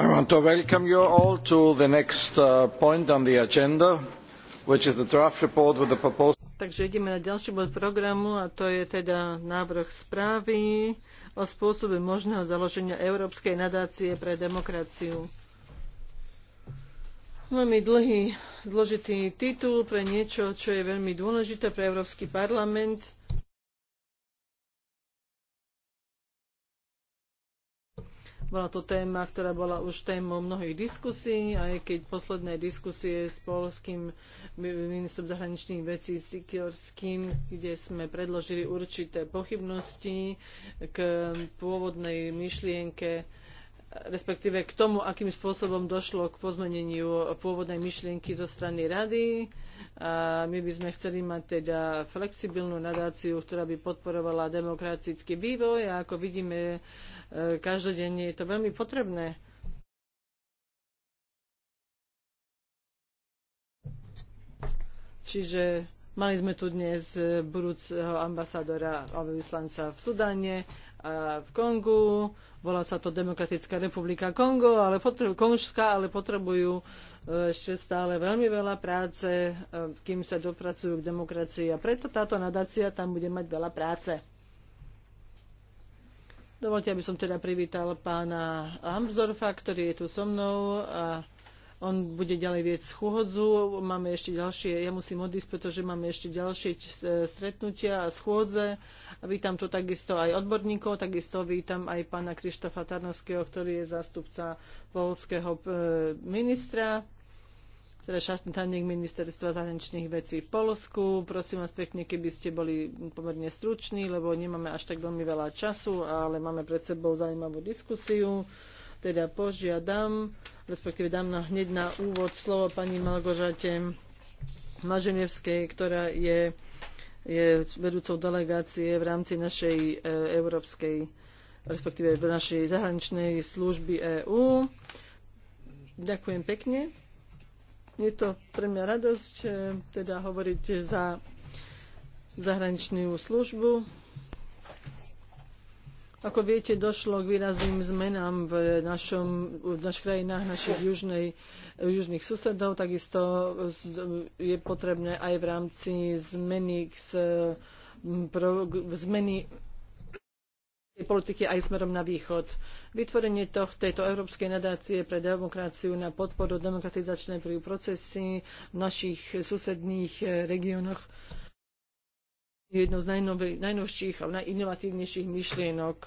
I want to welcome you all to the next uh, point on the agenda, which is the draft report with the proposal. Takže ideme na ďalší bod programu a to je teda návrh správy o spôsobe možného založenia Európskej nadácie pre demokraciu. Veľmi dlhý, zložitý titul pre niečo, čo je veľmi dôležité pre Európsky parlament Bola to téma, ktorá bola už témou mnohých diskusí, aj keď posledné diskusie s polským ministrom zahraničných vecí Sikorským, kde sme predložili určité pochybnosti k pôvodnej myšlienke respektíve k tomu, akým spôsobom došlo k pozmeneniu pôvodnej myšlienky zo strany rady. A my by sme chceli mať teda flexibilnú nadáciu, ktorá by podporovala demokratický vývoj a ako vidíme, E, každodenne je to veľmi potrebné. Čiže mali sme tu dnes e, budúceho ambasádora alebo vyslanca v Sudáne a v Kongu. Volá sa to Demokratická republika Kongo, ale potrebu- Konžská, ale potrebujú e, ešte stále veľmi veľa práce, s kým sa dopracujú k demokracii. A preto táto nadácia tam bude mať veľa práce. Dovolte, aby som teda privítal pána Hamsdorfa, ktorý je tu so mnou a on bude ďalej viesť schôdzu. Máme ešte ďalšie, ja musím odísť, pretože máme ešte ďalšie stretnutia a schôdze. A vítam tu takisto aj odborníkov, takisto vítam aj pána Krištofa Tarnovského, ktorý je zástupca polského e, ministra teda štátnik ministerstva zahraničných vecí v Polsku. Prosím vás pekne, keby ste boli pomerne struční, lebo nemáme až tak veľmi veľa času, ale máme pred sebou zaujímavú diskusiu. Teda požiadam, respektíve dám na, hneď na úvod slovo pani Malgožate Maženevskej, ktorá je, je vedúcou delegácie v rámci našej e, európskej, respektíve našej zahraničnej služby EÚ. Ďakujem pekne. Je to pre mňa radosť e, teda hovoriť za zahraničnú službu. Ako viete, došlo k výrazným zmenám v, našom, v našich krajinách, našich južnej, južných susedov. Takisto je potrebné aj v rámci zmeny, z, pro, zmeny politiky aj smerom na východ. Vytvorenie tejto Európskej nadácie pre demokraciu na podporu demokratizačnej procesy v našich susedných eh, regiónoch je jednou z najnovších a najinovatívnejších myšlienok.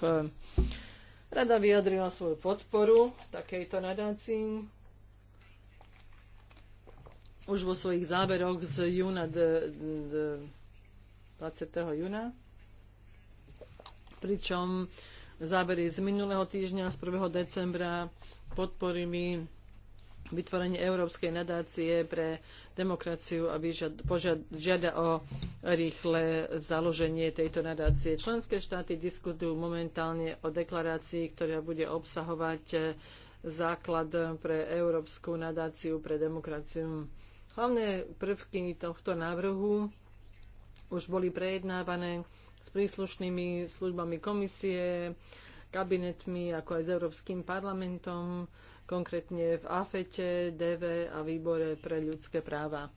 Rada vyjadrila svoju podporu takejto nadácii už vo svojich záberoch z júna d, d, 20. júna pričom zábery z minulého týždňa, z 1. decembra, mi vytvorenie Európskej nadácie pre demokraciu a žiada o rýchle založenie tejto nadácie. Členské štáty diskutujú momentálne o deklarácii, ktorá bude obsahovať eh, základ pre Európsku nadáciu pre demokraciu. Hlavné prvky tohto návrhu už boli prejednávané s príslušnými službami komisie, kabinetmi, ako aj s Európskym parlamentom, konkrétne v AFETE, DV a Výbore pre ľudské práva.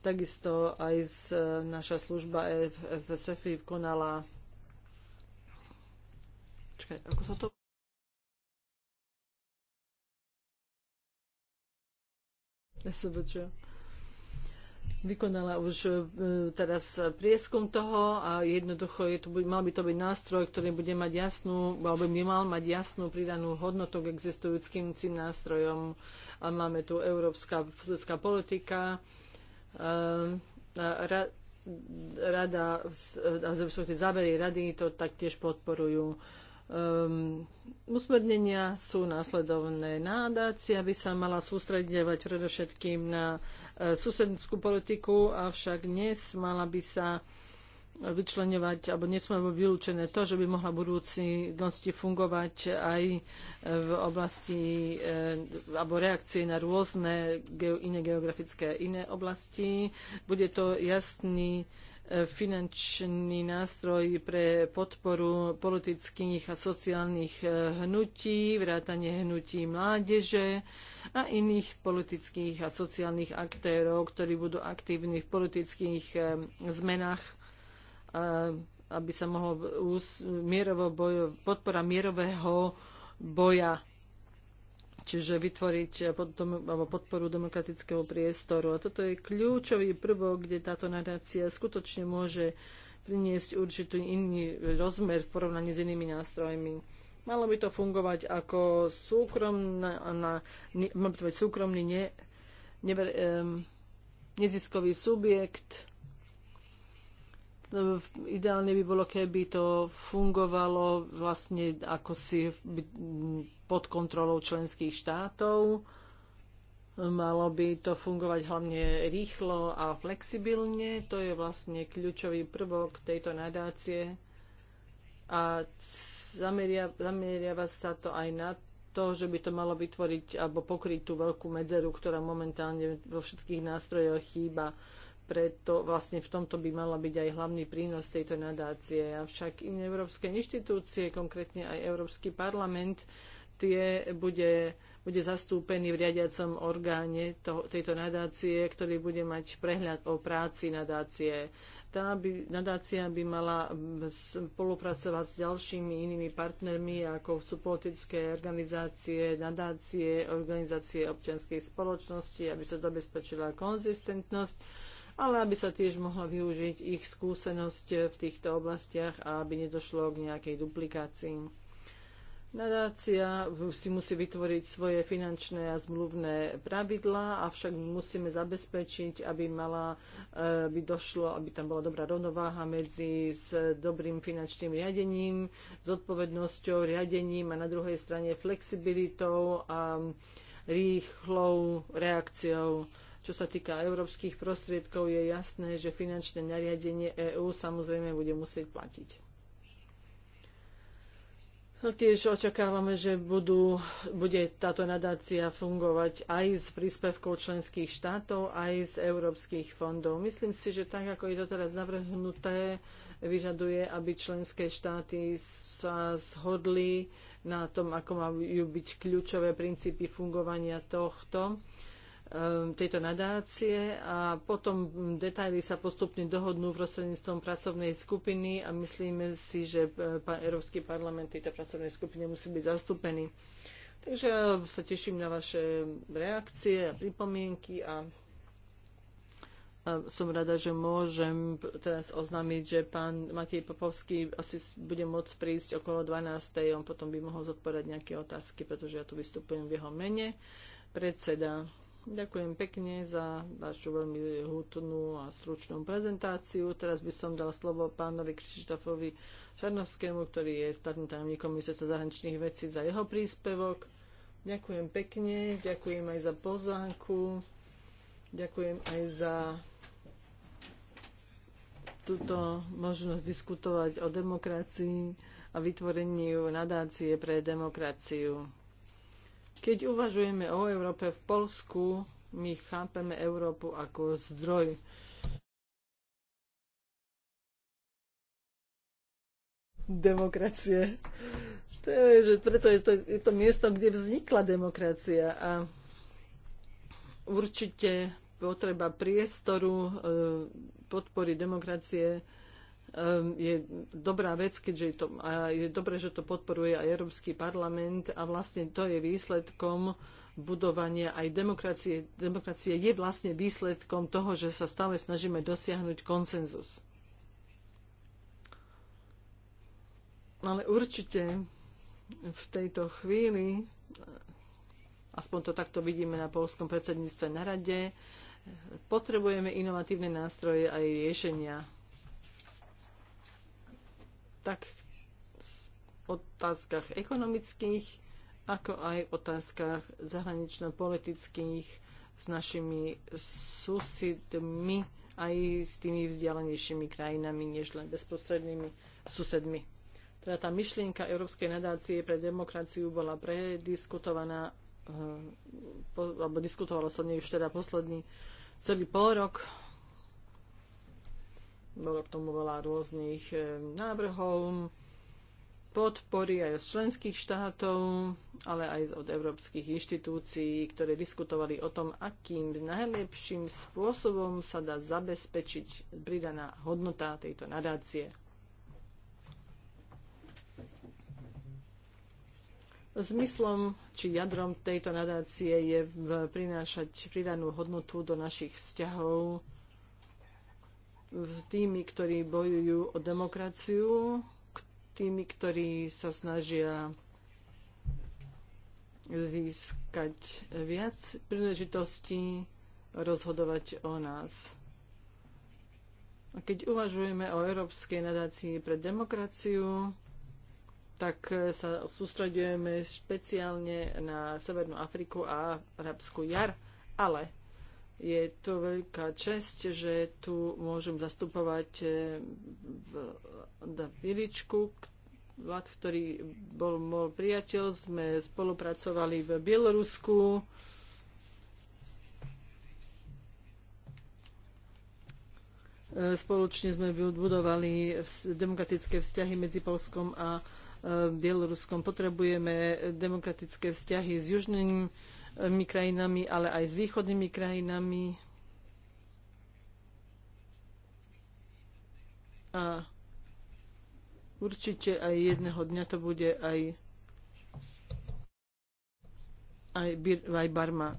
Takisto aj z, e, naša služba e FSFI konala Čakaj, ako sa to... SVČ vykonala už e, teraz prieskum toho a jednoducho je to, mal by to byť nástroj, ktorý bude mať jasnú, alebo by mal mať jasnú pridanú hodnotu k existujúcim tým nástrojom. A máme tu európska ľudská politika, e, ra, rada, e, závery rady to taktiež podporujú. Um, usmernenia sú následovné. Nádácia by sa mala sústredňovať predovšetkým na uh, E, susedskú politiku, avšak dnes mala by sa vyčlenovať, alebo nesmie byť vylúčené to, že by mohla v budúcnosti fungovať aj v oblasti e, alebo reakcie na rôzne iné geografické iné oblasti. Bude to jasný E, finančný nástroj pre podporu politických a sociálnych e, hnutí, vrátanie hnutí mládeže a iných politických a sociálnych aktérov, ktorí budú aktívni v politických e, zmenách aby sa mohla mierovo bojo, podpora mierového boja čiže vytvoriť eh, potom, alebo podporu demokratického priestoru. A toto je kľúčový prvok, kde táto nadácia skutočne môže priniesť určitý iný rozmer v porovnaní s inými nástrojmi. Malo by to fungovať ako súkromná, na, ne, súkromný ne, never, um, neziskový subjekt, Ideálne by bolo, keby to fungovalo vlastne ako si pod kontrolou členských štátov. Malo by to fungovať hlavne rýchlo a flexibilne. To je vlastne kľúčový prvok tejto nadácie. A zameria, zameriava sa to aj na to, že by to malo vytvoriť alebo pokryť tú veľkú medzeru, ktorá momentálne vo všetkých nástrojoch chýba preto vlastne v tomto by mala byť aj hlavný prínos tejto nadácie. Avšak iné európske inštitúcie, konkrétne aj Európsky parlament, tie bude, bude zastúpený v riadiacom orgáne to, tejto nadácie, ktorý bude mať prehľad o práci nadácie. Tá by, nadácia by mala mm, spolupracovať s ďalšími inými partnermi, ako sú politické organizácie, nadácie, organizácie občianskej spoločnosti, aby sa zabezpečila konzistentnosť ale aby sa tiež mohla využiť ich skúsenosť v týchto oblastiach a aby nedošlo k nejakej duplikácii. Nadácia si musí vytvoriť svoje finančné a zmluvné pravidlá, avšak musíme zabezpečiť, aby, mala, eh, aby došlo, aby tam bola dobrá rovnováha medzi s dobrým finančným riadením, s odpovednosťou, riadením a na druhej strane flexibilitou a rýchlou reakciou čo sa týka európskych prostriedkov, je jasné, že finančné nariadenie EÚ samozrejme bude musieť platiť. Tiež očakávame, že budú, bude táto nadácia fungovať aj s príspevkou členských štátov, aj z európskych fondov. Myslím si, že tak, ako je to teraz navrhnuté, vyžaduje, aby členské štáty sa zhodli na tom, ako majú byť kľúčové princípy fungovania tohto Um, tejto nadácie a potom detaily sa postupne dohodnú prostredníctvom pracovnej skupiny a myslíme si, že uh, Európsky parlament tejto pracovnej skupine musí byť zastúpený. Takže ja sa teším na vaše reakcie a pripomienky a som rada, že môžem teraz oznámiť, že pán Matej Popovský asi bude môcť prísť okolo 12. On potom by mohol zodpovedať nejaké otázky, pretože ja tu vystupujem v jeho mene. Predseda Ďakujem pekne za vašu veľmi hutnú a stručnú prezentáciu. Teraz by som dal slovo pánovi Krištofovi Šarnovskému, ktorý je štátnym tajomníkom ministerstva zahraničných vecí za jeho príspevok. Ďakujem pekne, ďakujem aj za pozvánku, ďakujem aj za túto možnosť diskutovať o demokracii a vytvoreniu nadácie pre demokraciu. Keď uvažujeme o Európe v Polsku, my chápeme Európu ako zdroj demokracie. To je, že preto je to, je to miesto, kde vznikla demokracia a určite potreba priestoru eh, podpory demokracie Ehm, je dobrá vec, keďže je, to, a je dobré, že to podporuje aj Európsky parlament a vlastne to je výsledkom budovania aj demokracie. Demokracie je vlastne výsledkom toho, že sa stále snažíme dosiahnuť konsenzus. Ale určite v tejto chvíli, aspoň to takto vidíme na polskom predsedníctve na rade, potrebujeme inovatívne nástroje aj riešenia tak v otázkach ekonomických, ako aj v otázkach zahranično-politických s našimi susedmi, aj s tými vzdialenejšími krajinami, než len bezprostrednými susedmi. Teda tá myšlienka Európskej nadácie pre demokraciu bola prediskutovaná eh, po, alebo diskutovalo sa o nej už teda posledný celý pol rok bolo k tomu veľa rôznych e, návrhov, podpory aj z členských štátov, ale aj od európskych inštitúcií, ktoré diskutovali o tom, akým najlepším spôsobom sa dá zabezpečiť pridaná hodnota tejto nadácie. Zmyslom či jadrom tejto nadácie je prinášať pridanú hodnotu do našich vzťahov tými, ktorí bojujú o demokraciu, tými, ktorí sa snažia získať viac príležitostí rozhodovať o nás. A keď uvažujeme o Európskej nadácii pre demokraciu, tak sa sústredujeme špeciálne na Severnú Afriku a Arabskú jar, ale je to veľká čest, že tu môžem zastupovať eh, Viličku, Vlad, ktorý bol môj priateľ. Sme spolupracovali v Bielorusku. Eh, spoločne sme vybudovali demokratické vzťahy medzi Polskom a eh, Bieloruskom. Potrebujeme demokratické vzťahy s Južným krajinami, ale aj s východnými krajinami. A určite aj jedného dňa to bude aj, aj, aj Barma.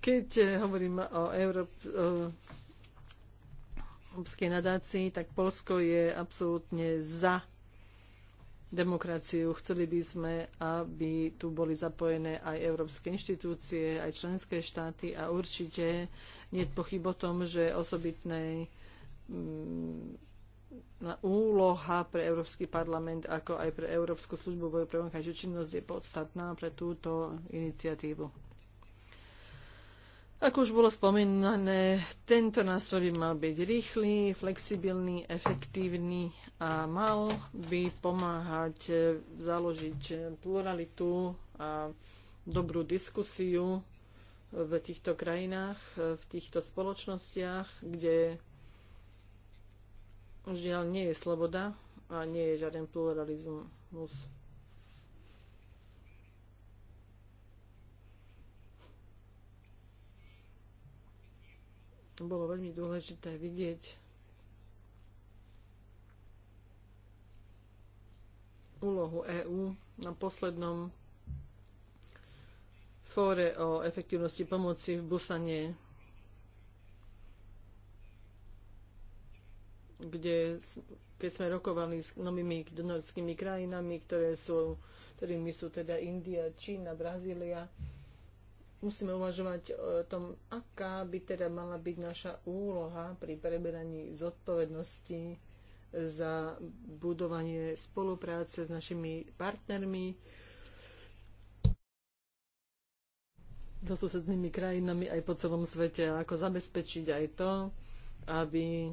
Keď eh, hovoríme o, Európ- o európskej nadácii, tak Polsko je absolútne za demokraciu. Chceli by sme, aby tu boli zapojené aj európske inštitúcie, aj členské štáty a určite nie je pochyb o tom, že osobitnej mm, úloha pre Európsky parlament, ako aj pre Európsku službu boju pre vonkajšiu činnosť je podstatná pre túto iniciatívu. Ako už bolo spomínané, tento nástroj by mal byť rýchly, flexibilný, efektívny a mal by pomáhať e, založiť e, pluralitu a dobrú diskusiu v týchto krajinách, e, v týchto spoločnostiach, kde žiaľ nie je sloboda a nie je žiaden pluralizmus. bolo veľmi dôležité vidieť úlohu EÚ na poslednom fóre o efektívnosti pomoci v Busane, kde, keď sme rokovali s novými donorskými krajinami, ktoré sú, ktorými sú teda India, Čína, Brazília, musíme uvažovať o tom, aká by teda mala byť naša úloha pri preberaní zodpovednosti za budovanie spolupráce s našimi partnermi, so susednými krajinami aj po celom svete a ako zabezpečiť aj to, aby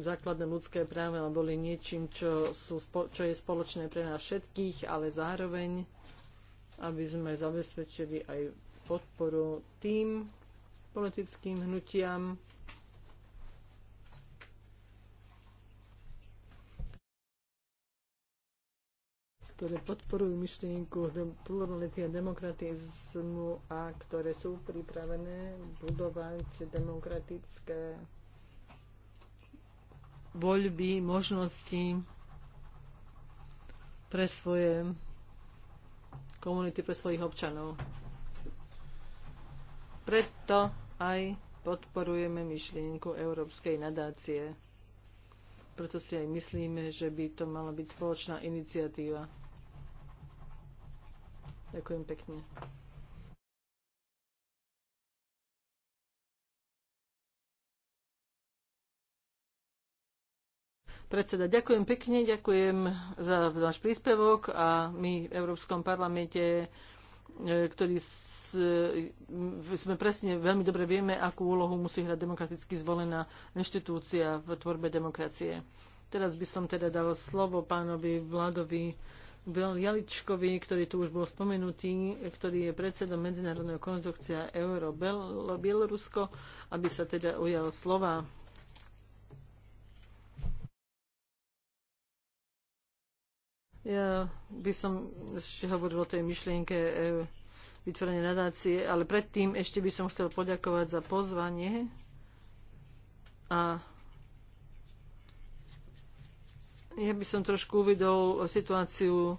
základné ľudské práva boli niečím, čo, sú, čo je spoločné pre nás všetkých, ale zároveň, aby sme zabezpečili aj podporu tým politickým hnutiam, ktoré podporujú myšlienku plurality a demokratizmu a ktoré sú pripravené budovať demokratické voľby, možnosti pre svoje komunity, pre svojich občanov. Preto aj podporujeme myšlienku Európskej nadácie. Preto si aj myslíme, že by to mala byť spoločná iniciatíva. Ďakujem pekne. Predseda, ďakujem pekne, ďakujem za váš príspevok a my v Európskom parlamente E, ktorý s, e, sme presne veľmi dobre vieme, akú úlohu musí hrať demokraticky zvolená inštitúcia v tvorbe demokracie. Teraz by som teda dal slovo pánovi Vladovi Jaličkovi, ktorý tu už bol spomenutý, ktorý je predsedom Medzinárodného konzorcia Euro-Bielorusko, aby sa teda ujal slova. Ja by som ešte hovoril o tej myšlienke e, vytvorenie nadácie, ale predtým ešte by som chcel poďakovať za pozvanie a ja by som trošku uvidol situáciu,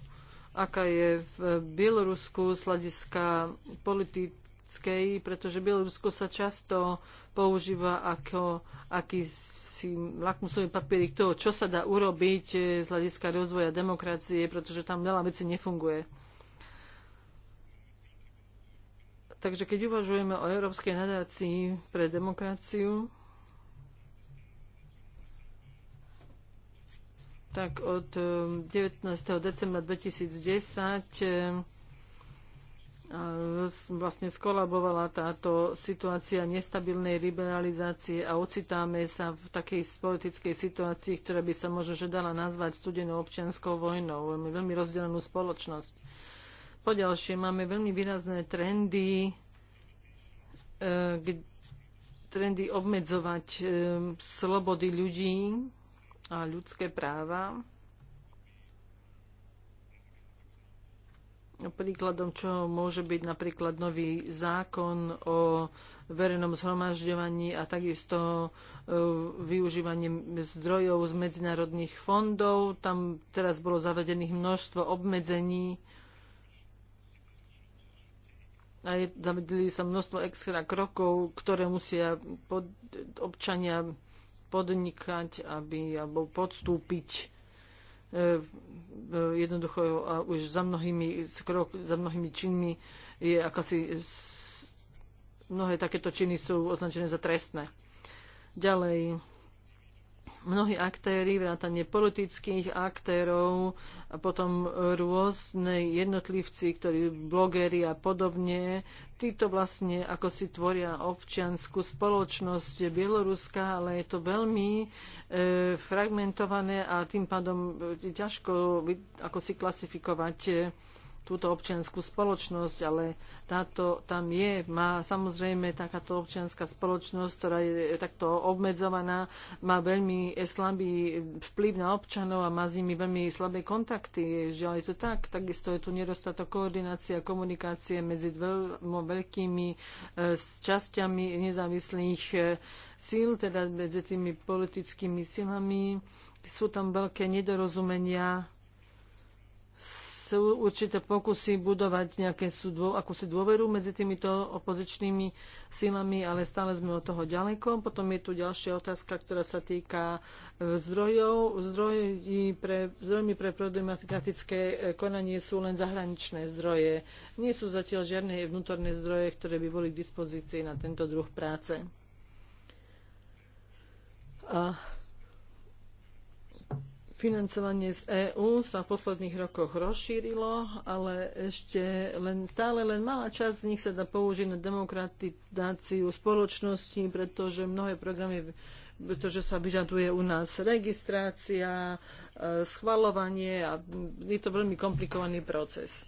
aká je v Bielorusku z hľadiska politickej, pretože Bielorusko sa často používa ako akýsi takým lakmusovým papierik toho, čo sa dá urobiť e, z hľadiska rozvoja demokracie, pretože tam veľa vecí nefunguje. Takže keď uvažujeme o Európskej nadácii pre demokraciu, tak od 19. E, decembra 2010 vlastne skolabovala táto situácia nestabilnej liberalizácie a ocitáme sa v takej politickej situácii, ktorá by sa možno že dala nazvať studenou občianskou vojnou. Máme veľmi rozdelenú spoločnosť. Poďalšie máme veľmi výrazné trendy, e, trendy obmedzovať e, slobody ľudí a ľudské práva Príkladom, čo môže byť napríklad nový zákon o verejnom zhromažďovaní a takisto e, využívanie zdrojov z medzinárodných fondov. Tam teraz bolo zavedených množstvo obmedzení a zavedili sa množstvo extra krokov, ktoré musia pod, občania podnikať aby, alebo podstúpiť E, e, jednoducho a už za mnohými, skrok, za mnohými činmi je akási mnohé takéto činy sú označené za trestné. Ďalej, mnohí aktéry, vrátane politických aktérov a potom rôzne jednotlivci, ktorí blogeri a podobne, títo vlastne ako si tvoria občianskú spoločnosť Bieloruska, ale je to veľmi e, fragmentované a tým pádom e, ťažko ako si klasifikovať e, túto občianskú spoločnosť, ale táto tam je, má samozrejme takáto občianská spoločnosť, ktorá je takto obmedzovaná, má veľmi slabý vplyv na občanov a má s nimi veľmi slabé kontakty. Žiaľ je to tak, takisto je tu nedostatok koordinácie a komunikácie medzi veľmi veľkými e, časťami nezávislých e, síl, teda medzi tými politickými silami. Sú tam veľké nedorozumenia s sú určité pokusy budovať nejaké sú dô, akúsi dôveru medzi týmito opozičnými silami, ale stále sme od toho ďaleko. Potom je tu ďalšia otázka, ktorá sa týka e, zdrojov. Zdroji pre, zdrojmi pre problematické e, konanie sú len zahraničné zdroje. Nie sú zatiaľ žiadne vnútorné zdroje, ktoré by boli k dispozícii na tento druh práce. A Financovanie z EÚ sa v posledných rokoch rozšírilo, ale ešte len, stále len malá časť z nich sa dá použiť na demokratizáciu spoločnosti, pretože mnohé programy pretože sa vyžaduje u nás registrácia, e, schvalovanie a je to veľmi komplikovaný proces.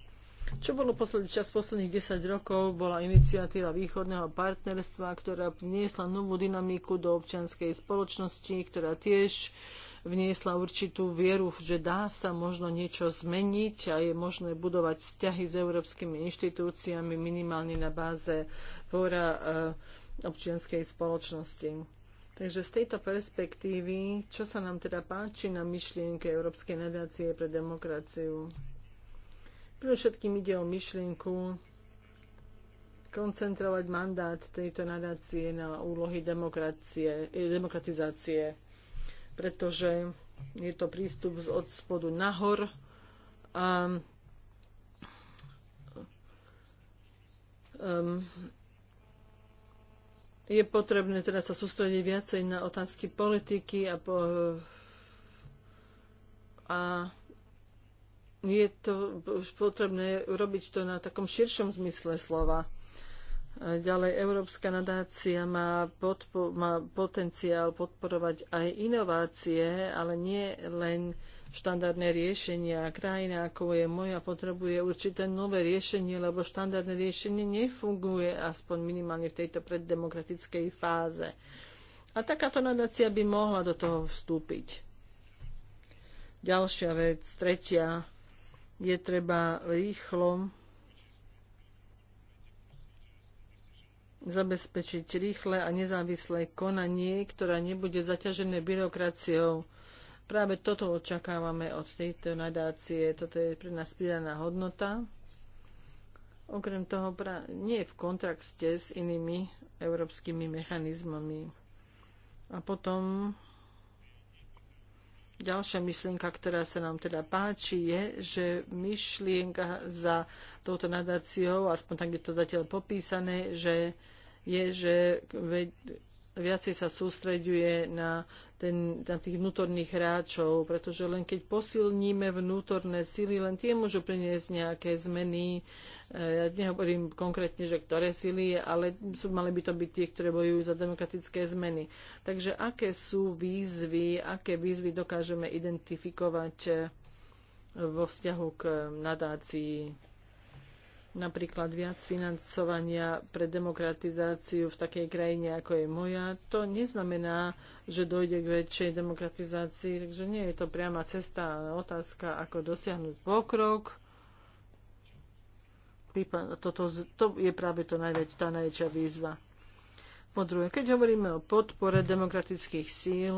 Čo bolo posledný čas posledných 10 rokov, bola iniciatíva východného partnerstva, ktorá vniesla novú dynamiku do občianskej spoločnosti, ktorá tiež vniesla určitú vieru, že dá sa možno niečo zmeniť a je možné budovať vzťahy s európskymi inštitúciami minimálne na báze fóra eh, občianskej spoločnosti. Takže z tejto perspektívy, čo sa nám teda páči na myšlienke Európskej nadácie pre demokraciu? Pre všetkým ide o myšlienku koncentrovať mandát tejto nadácie na úlohy demokracie, demokratizácie pretože je to prístup od spodu nahor a um, je potrebné teda sa sústrediť viacej na otázky politiky a, po, a je to potrebné robiť to na takom širšom zmysle slova. Ďalej Európska nadácia má, podpo- má potenciál podporovať aj inovácie, ale nie len štandardné riešenia. Krajina, ako je moja, potrebuje určité nové riešenie, lebo štandardné riešenie nefunguje, aspoň minimálne v tejto preddemokratickej fáze. A takáto nadácia by mohla do toho vstúpiť. Ďalšia vec, tretia, je treba rýchlo zabezpečiť rýchle a nezávislé konanie, ktoré nebude zaťažené byrokraciou. Práve toto očakávame od tejto nadácie. Toto je pre nás pridaná hodnota. Okrem toho nie je v kontrakte s inými európskymi mechanizmami. A potom Ďalšia myšlienka, ktorá sa nám teda páči, je, že myšlienka za touto nadáciou, aspoň tak je to zatiaľ popísané, že je, že viacej sa sústreďuje na, ten, na tých vnútorných hráčov, pretože len keď posilníme vnútorné sily, len tie môžu priniesť nejaké zmeny. E, ja nehovorím konkrétne, že ktoré sily, ale sú, mali by to byť tie, ktoré bojujú za demokratické zmeny. Takže aké sú výzvy, aké výzvy dokážeme identifikovať e, vo vzťahu k nadácii napríklad viac financovania pre demokratizáciu v takej krajine, ako je moja, to neznamená, že dojde k väčšej demokratizácii, takže nie je to priama cesta, ale otázka, ako dosiahnuť pokrok. Toto, to je práve to najväč, tá najväčšia výzva. Po druhé, keď hovoríme o podpore demokratických síl,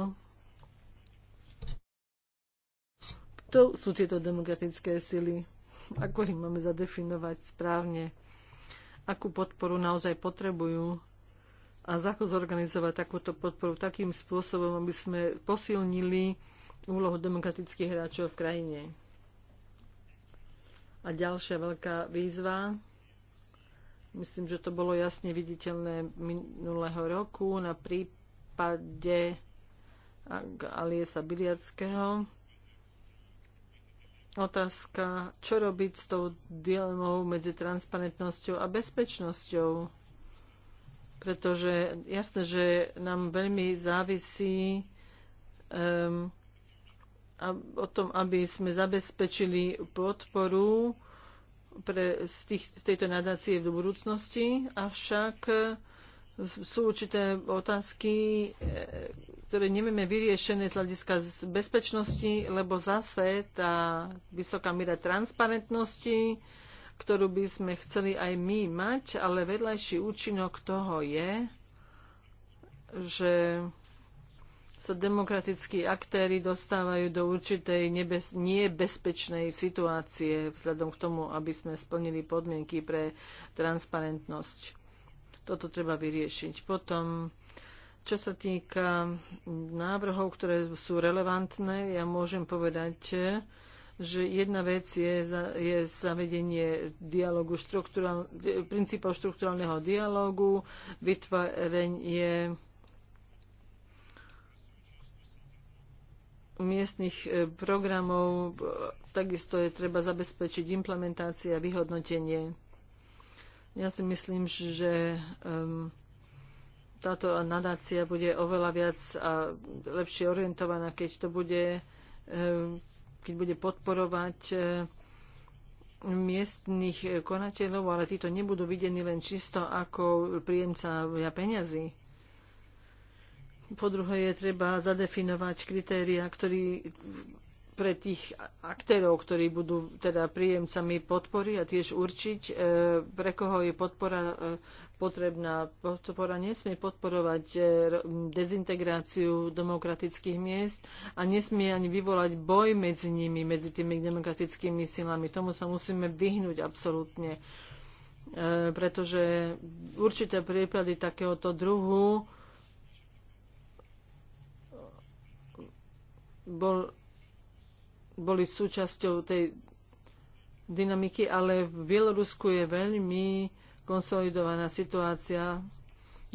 to sú tieto demokratické sily ako ich máme zadefinovať správne, akú podporu naozaj potrebujú a ako zorganizovať takúto podporu takým spôsobom, aby sme posilnili úlohu demokratických hráčov v krajine. A ďalšia veľká výzva, myslím, že to bolo jasne viditeľné minulého roku na prípade Aliesa Biliackého, otázka, čo robiť s tou dilemou medzi transparentnosťou a bezpečnosťou. Pretože jasné, že nám veľmi závisí um, a, o tom, aby sme zabezpečili podporu pre, z, tých, z tejto nadácie v budúcnosti, avšak sú určité otázky, e, ktoré nemáme vyriešené z hľadiska bezpečnosti, lebo zase tá vysoká míra transparentnosti, ktorú by sme chceli aj my mať, ale vedľajší účinok toho je, že sa demokratickí aktéry dostávajú do určitej nebez, nebezpečnej situácie vzhľadom k tomu, aby sme splnili podmienky pre transparentnosť. Toto treba vyriešiť. Potom čo sa týka návrhov, ktoré sú relevantné, ja môžem povedať, že jedna vec je, je zavedenie dialogu štruktúral, princípov štruktúrálneho dialogu, vytvorenie miestnych e, programov, e, takisto je treba zabezpečiť implementácia a vyhodnotenie ja si myslím, že um, táto nadácia bude oveľa viac a lepšie orientovaná, keď to bude, ehm, keď bude podporovať ehm, miestných konateľov, ale títo nebudú videní len čisto ako príjemca peňazí. Po druhé je treba zadefinovať kritéria, ktorý, pre tých aktérov, ktorí budú teda príjemcami podpory a tiež určiť, e, pre koho je podpora e, potrebná. Podpora nesmie podporovať e, dezintegráciu demokratických miest a nesmie ani vyvolať boj medzi nimi, medzi tými demokratickými silami. Tomu sa musíme vyhnúť absolútne, pretože určité prípady takéhoto druhu bol, boli súčasťou tej dynamiky, ale v Bielorusku je veľmi konsolidovaná situácia.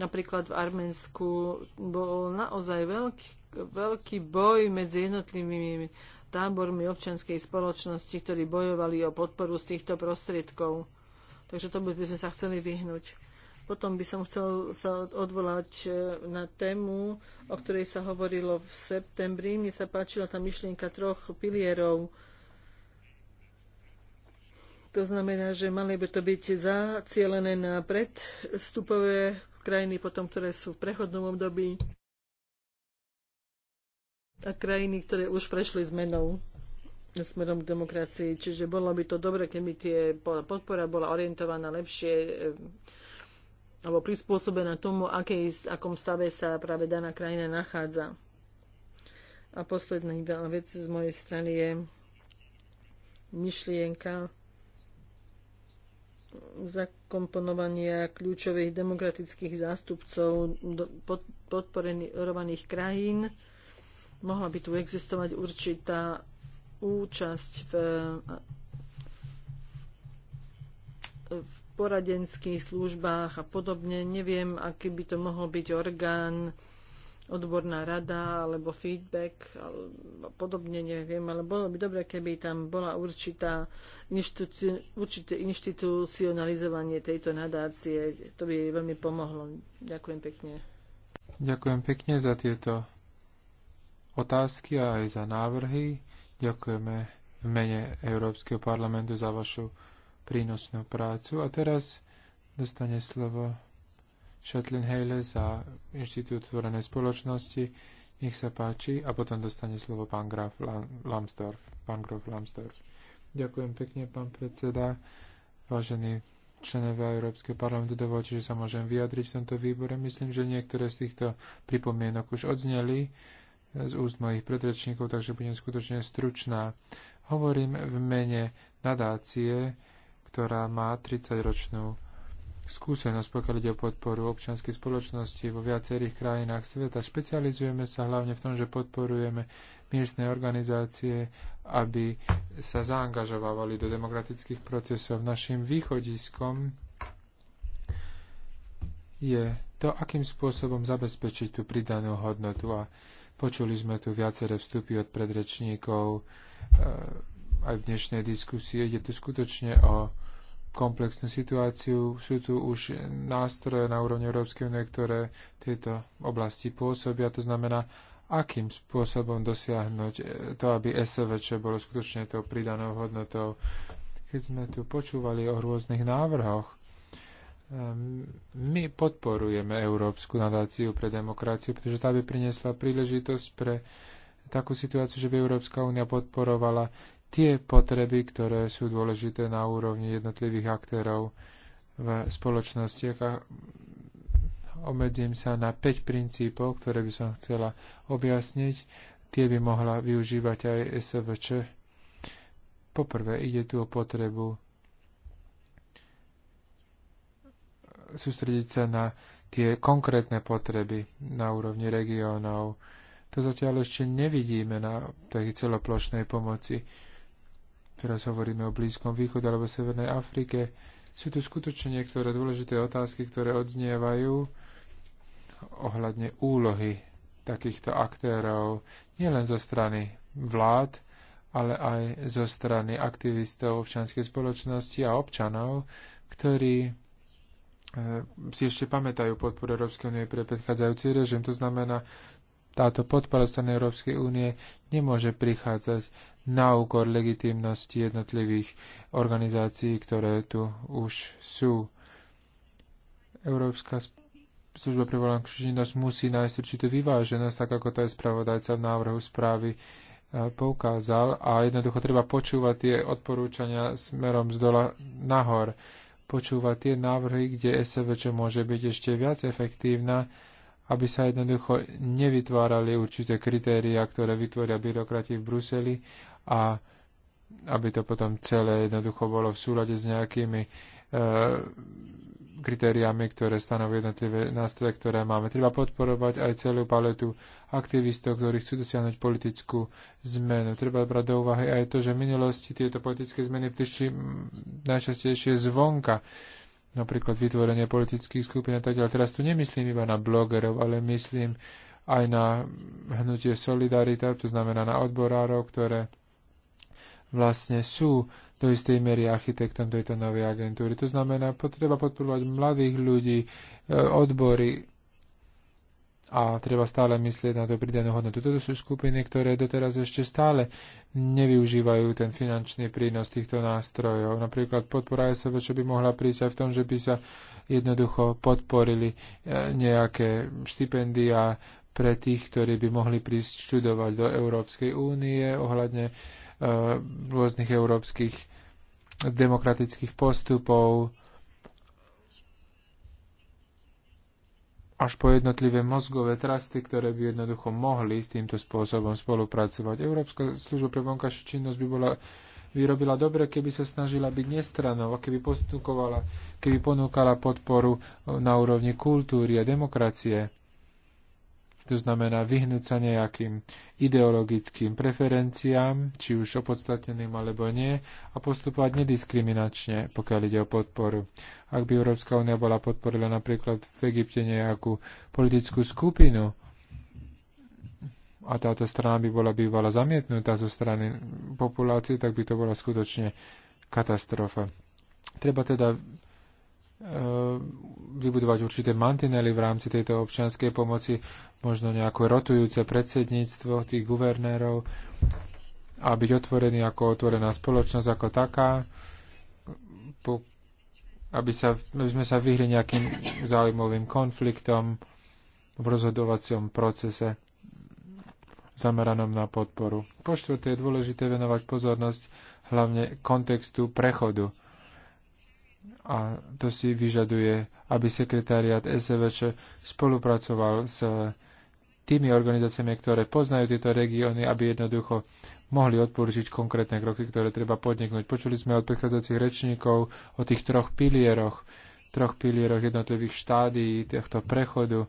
Napríklad v Arménsku bol naozaj veľký, veľký boj medzi jednotlivými tábormi občianskej spoločnosti, ktorí bojovali o podporu z týchto prostriedkov. Takže tomu by sme sa chceli vyhnúť. Potom by som chcel sa odvolať e, na tému, o ktorej sa hovorilo v septembri. Mne sa páčila tá myšlienka troch pilierov. To znamená, že mali by to byť zacielené na predstupové krajiny, potom ktoré sú v prechodnom období a krajiny, ktoré už prešli zmenou smerom k demokracii. Čiže bolo by to dobre, keby tie podpora bola orientovaná lepšie e, alebo prispôsobená tomu, akej, akom stave sa práve daná krajina nachádza. A posledná vec z mojej strany je myšlienka zakomponovania kľúčových demokratických zástupcov do podporovaných krajín. Mohla by tu existovať určitá účasť v, v poradenských službách a podobne. Neviem, aký by to mohol byť orgán, odborná rada alebo feedback alebo podobne, neviem, ale bolo by dobre, keby tam bola určitá inštitúci- určité inštitucionalizovanie tejto nadácie. To by jej veľmi pomohlo. Ďakujem pekne. Ďakujem pekne za tieto otázky a aj za návrhy. Ďakujeme v mene Európskeho parlamentu za vašu prínosnú prácu. A teraz dostane slovo Shatlin Hale za Inštitút tvorenej spoločnosti. Nech sa páči. A potom dostane slovo pán Graf Lambsdorff. Pán Graf Lambsdorff. Ďakujem pekne, pán predseda. Vážení členovia Európskeho parlamentu, dovolte, že sa môžem vyjadriť v tomto výbore. Myslím, že niektoré z týchto pripomienok už odzneli z úst mojich predrečníkov, takže budem skutočne stručná. Hovorím v mene nadácie ktorá má 30-ročnú skúsenosť, pokiaľ ide o podporu občianskej spoločnosti vo viacerých krajinách sveta. Špecializujeme sa hlavne v tom, že podporujeme miestne organizácie, aby sa zaangažovávali do demokratických procesov. Našim východiskom je to, akým spôsobom zabezpečiť tú pridanú hodnotu. A počuli sme tu viaceré vstupy od predrečníkov eh, aj v dnešnej diskusii. Ide tu skutočne o komplexnú situáciu. Sú tu už nástroje na úrovni Európskej únie, ktoré tieto oblasti pôsobia. To znamená, akým spôsobom dosiahnuť eh, to, aby SVČ bolo skutočne tou pridanou hodnotou. Keď sme tu počúvali o rôznych návrhoch, ehm, my podporujeme Európsku nadáciu pre demokraciu, pretože tá by priniesla príležitosť pre takú situáciu, že by Európska únia podporovala tie potreby, ktoré sú dôležité na úrovni jednotlivých aktérov v spoločnostiach a obmedzím sa na 5 princípov, ktoré by som chcela objasniť. Tie by mohla využívať aj SVČ. Poprvé, ide tu o potrebu sústrediť sa na tie konkrétne potreby na úrovni regiónov. To zatiaľ ešte nevidíme na tej celoplošnej pomoci. Teraz hovoríme o Blízkom východe alebo Severnej Afrike. Sú tu skutočne niektoré dôležité otázky, ktoré odznievajú ohľadne úlohy takýchto aktérov, nielen zo strany vlád, ale aj zo strany aktivistov občianskej spoločnosti a občanov, ktorí e, si ešte pamätajú podporu Európskej únie pre predchádzajúci režim. To znamená, táto podpora strany Európskej únie nemôže prichádzať na úkor legitimnosti jednotlivých organizácií, ktoré tu už sú. Európska služba pre volanú činnosť musí nájsť určitú vyváženosť, tak ako to aj spravodajca v návrhu správy e, poukázal a jednoducho treba počúvať tie odporúčania smerom z dola nahor, počúvať tie návrhy, kde SVČ môže byť ešte viac efektívna, aby sa jednoducho nevytvárali určité kritéria, ktoré vytvoria byrokrati v Bruseli a aby to potom celé jednoducho bolo v súlade s nejakými e, kritériami, ktoré stanovujú jednotlivé nástroje, ktoré máme. Treba podporovať aj celú paletu aktivistov, ktorí chcú dosiahnuť politickú zmenu. Treba brať do úvahy aj to, že v minulosti tieto politické zmeny prišli najčastejšie zvonka. E, napríklad vytvorenie politických skupín a tak ďalej. Teraz tu nemyslím iba na blogerov, ale myslím aj na hnutie Solidarita, to znamená na odborárov, ktoré vlastne sú do istej miery architektom tejto novej agentúry. To znamená, potreba podporovať mladých ľudí, e, odbory, a treba stále myslieť na to pridanú hodnotu. Toto sú skupiny, ktoré doteraz ešte stále nevyužívajú ten finančný prínos týchto nástrojov. Napríklad podpora SV, čo by mohla prísť aj v tom, že by sa jednoducho podporili e, nejaké štipendia pre tých, ktorí by mohli prísť študovať do Európskej únie ohľadne e, rôznych európskych demokratických postupov, až po jednotlivé mozgové trasty, ktoré by jednoducho mohli s týmto spôsobom spolupracovať. Európska služba pre vonkajšiu činnosť by bola vyrobila dobre, keby sa snažila byť nestranou a keby postukovala, keby ponúkala podporu na úrovni kultúry a demokracie. To znamená vyhnúť sa nejakým ideologickým preferenciám, či už opodstatneným alebo nie, a postupovať nediskriminačne, pokiaľ ide o podporu. Ak by Európska únia bola podporila napríklad v Egypte nejakú politickú skupinu, a táto strana by bola bývala zamietnutá zo strany populácie, tak by to bola skutočne katastrofa. Treba teda E, vybudovať určité mantinely v rámci tejto občianskej pomoci, možno nejaké rotujúce predsedníctvo tých guvernérov a byť otvorený ako otvorená spoločnosť ako taká, aby, sa, aby sme sa vyhli nejakým záujmovým konfliktom v rozhodovacom procese zameranom na podporu. Po štvrté je dôležité venovať pozornosť hlavne kontextu prechodu a to si vyžaduje, aby sekretariat SVČ spolupracoval s tými organizáciami, ktoré poznajú tieto regióny, aby jednoducho mohli odporučiť konkrétne kroky, ktoré treba podniknúť. Počuli sme od predchádzajúcich rečníkov o tých troch pilieroch, troch pilieroch jednotlivých štádií tohto prechodu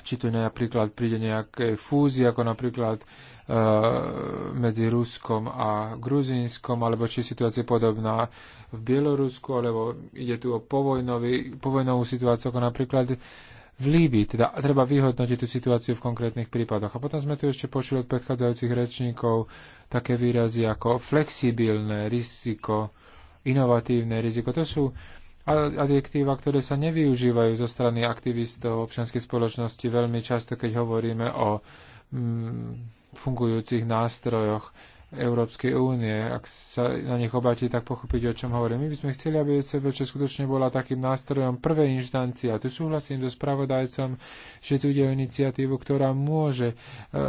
či tu napríklad príde nejaké fúzie, ako napríklad e, medzi Ruskom a Gruzínskom, alebo či situácia je podobná v Bielorusku, alebo ide tu o povojnový, povojnovú situáciu, ako napríklad v Líbii. Teda treba vyhodnotiť tú situáciu v konkrétnych prípadoch. A potom sme tu ešte počuli od predchádzajúcich rečníkov také výrazy ako flexibilné riziko, inovatívne riziko. To sú adjektíva, ktoré sa nevyužívajú zo strany aktivistov občianskej spoločnosti veľmi často, keď hovoríme o mm, fungujúcich nástrojoch Európskej únie. Ak sa na nich obáte, tak pochopíte, o čom hovorím. My by sme chceli, aby SVČ skutočne bola takým nástrojom prvej inštancie. A tu súhlasím so spravodajcom, že tu ide o iniciatívu, ktorá môže e,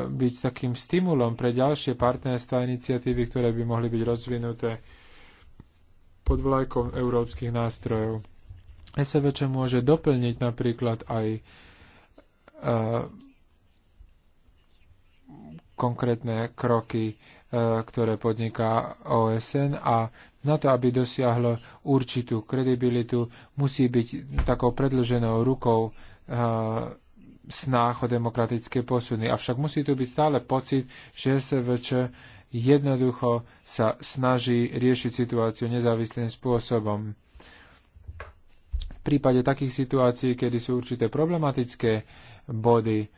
byť takým stimulom pre ďalšie partnerstva iniciatívy, ktoré by mohli byť rozvinuté pod vlajkou európskych nástrojov. SVČ môže doplniť napríklad aj uh, konkrétne kroky, e, ktoré podniká OSN a na to, aby dosiahlo určitú kredibilitu, musí byť takou predlženou rukou uh, snách o demokratické posuny. Avšak musí tu byť stále pocit, že SVČ jednoducho sa snaží riešiť situáciu nezávislým spôsobom. V prípade takých situácií, kedy sú určité problematické body,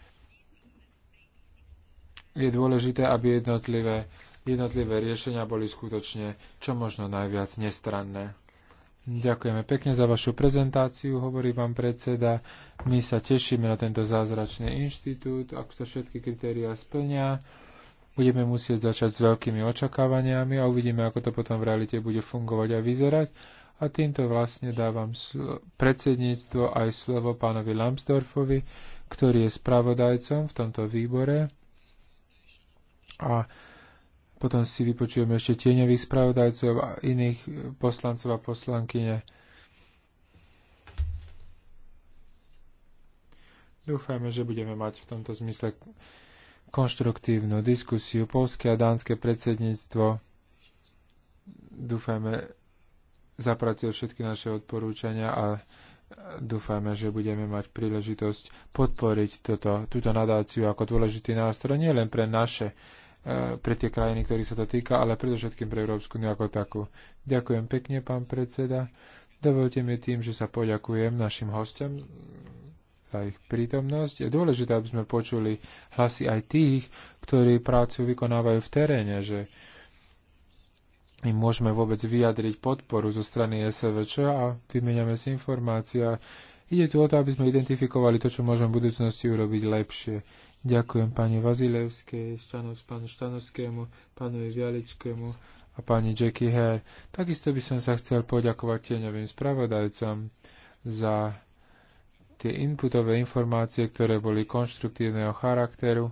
je dôležité, aby jednotlivé, jednotlivé riešenia boli skutočne čo možno najviac nestranné. Ďakujeme pekne za vašu prezentáciu, hovorí vám predseda. My sa tešíme na tento zázračný inštitút, ak sa všetky kritériá splňa budeme musieť začať s veľkými očakávaniami a uvidíme, ako to potom v realite bude fungovať a vyzerať. A týmto vlastne dávam predsedníctvo aj slovo pánovi Lambsdorfovi, ktorý je spravodajcom v tomto výbore. A potom si vypočujeme ešte tieňových spravodajcov a iných poslancov a poslankyne. Dúfajme, že budeme mať v tomto zmysle konštruktívnu diskusiu. Polské a dánske predsedníctvo dúfajme zapracuje všetky naše odporúčania a dúfajme, že budeme mať príležitosť podporiť toto, túto nadáciu ako dôležitý nástroj nie len pre naše e, pre tie krajiny, ktorí sa to týka, ale predovšetkým pre Európsku ako takú. Ďakujem pekne, pán predseda. Dovolte mi tým, že sa poďakujem našim hostom a ich prítomnosť. Je dôležité, aby sme počuli hlasy aj tých, ktorí prácu vykonávajú v teréne, že im môžeme vôbec vyjadriť podporu zo strany SVČ a vymeniame si A Ide tu o to, aby sme identifikovali to, čo môžeme v budúcnosti urobiť lepšie. Ďakujem pani Vazilevskej, Štanov, pánu Štanovskému, pánovi Vialičkému a pani Jackie Hare. Takisto by som sa chcel poďakovať tieňovým spravodajcom za tie inputové informácie, ktoré boli konštruktívneho charakteru.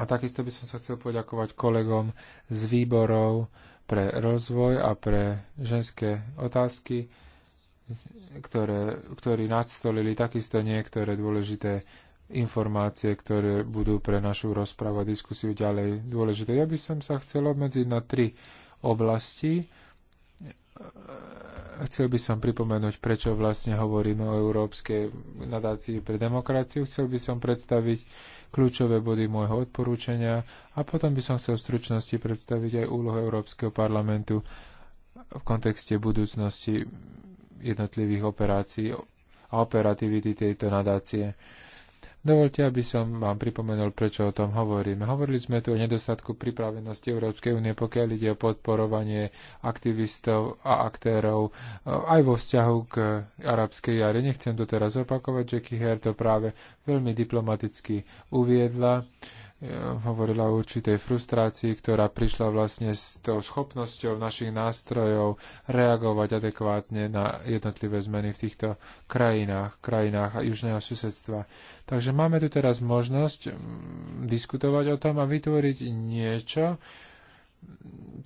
A takisto by som sa chcel poďakovať kolegom z výborov pre rozvoj a pre ženské otázky, ktoré, ktorí nadstolili takisto niektoré dôležité informácie, ktoré budú pre našu rozprávu a diskusiu ďalej dôležité. Ja by som sa chcel obmedziť na tri oblasti, chcel by som pripomenúť, prečo vlastne hovoríme o Európskej nadácii pre demokraciu. Chcel by som predstaviť kľúčové body môjho odporúčania a potom by som chcel v stručnosti predstaviť aj úlohu Európskeho parlamentu v kontexte budúcnosti jednotlivých operácií a operativity tejto nadácie. Dovolte, aby som vám pripomenul, prečo o tom hovoríme. Hovorili sme tu o nedostatku pripravenosti Európskej únie, pokiaľ ide o podporovanie aktivistov a aktérov eh, aj vo vzťahu k arabskej jare. Nechcem to teraz opakovať, že Kiher to práve veľmi diplomaticky uviedla hovorila o určitej frustrácii, ktorá prišla vlastne s tou schopnosťou našich nástrojov reagovať adekvátne na jednotlivé zmeny v týchto krajinách, krajinách južného susedstva. Takže máme tu teraz možnosť mm, diskutovať o tom a vytvoriť niečo,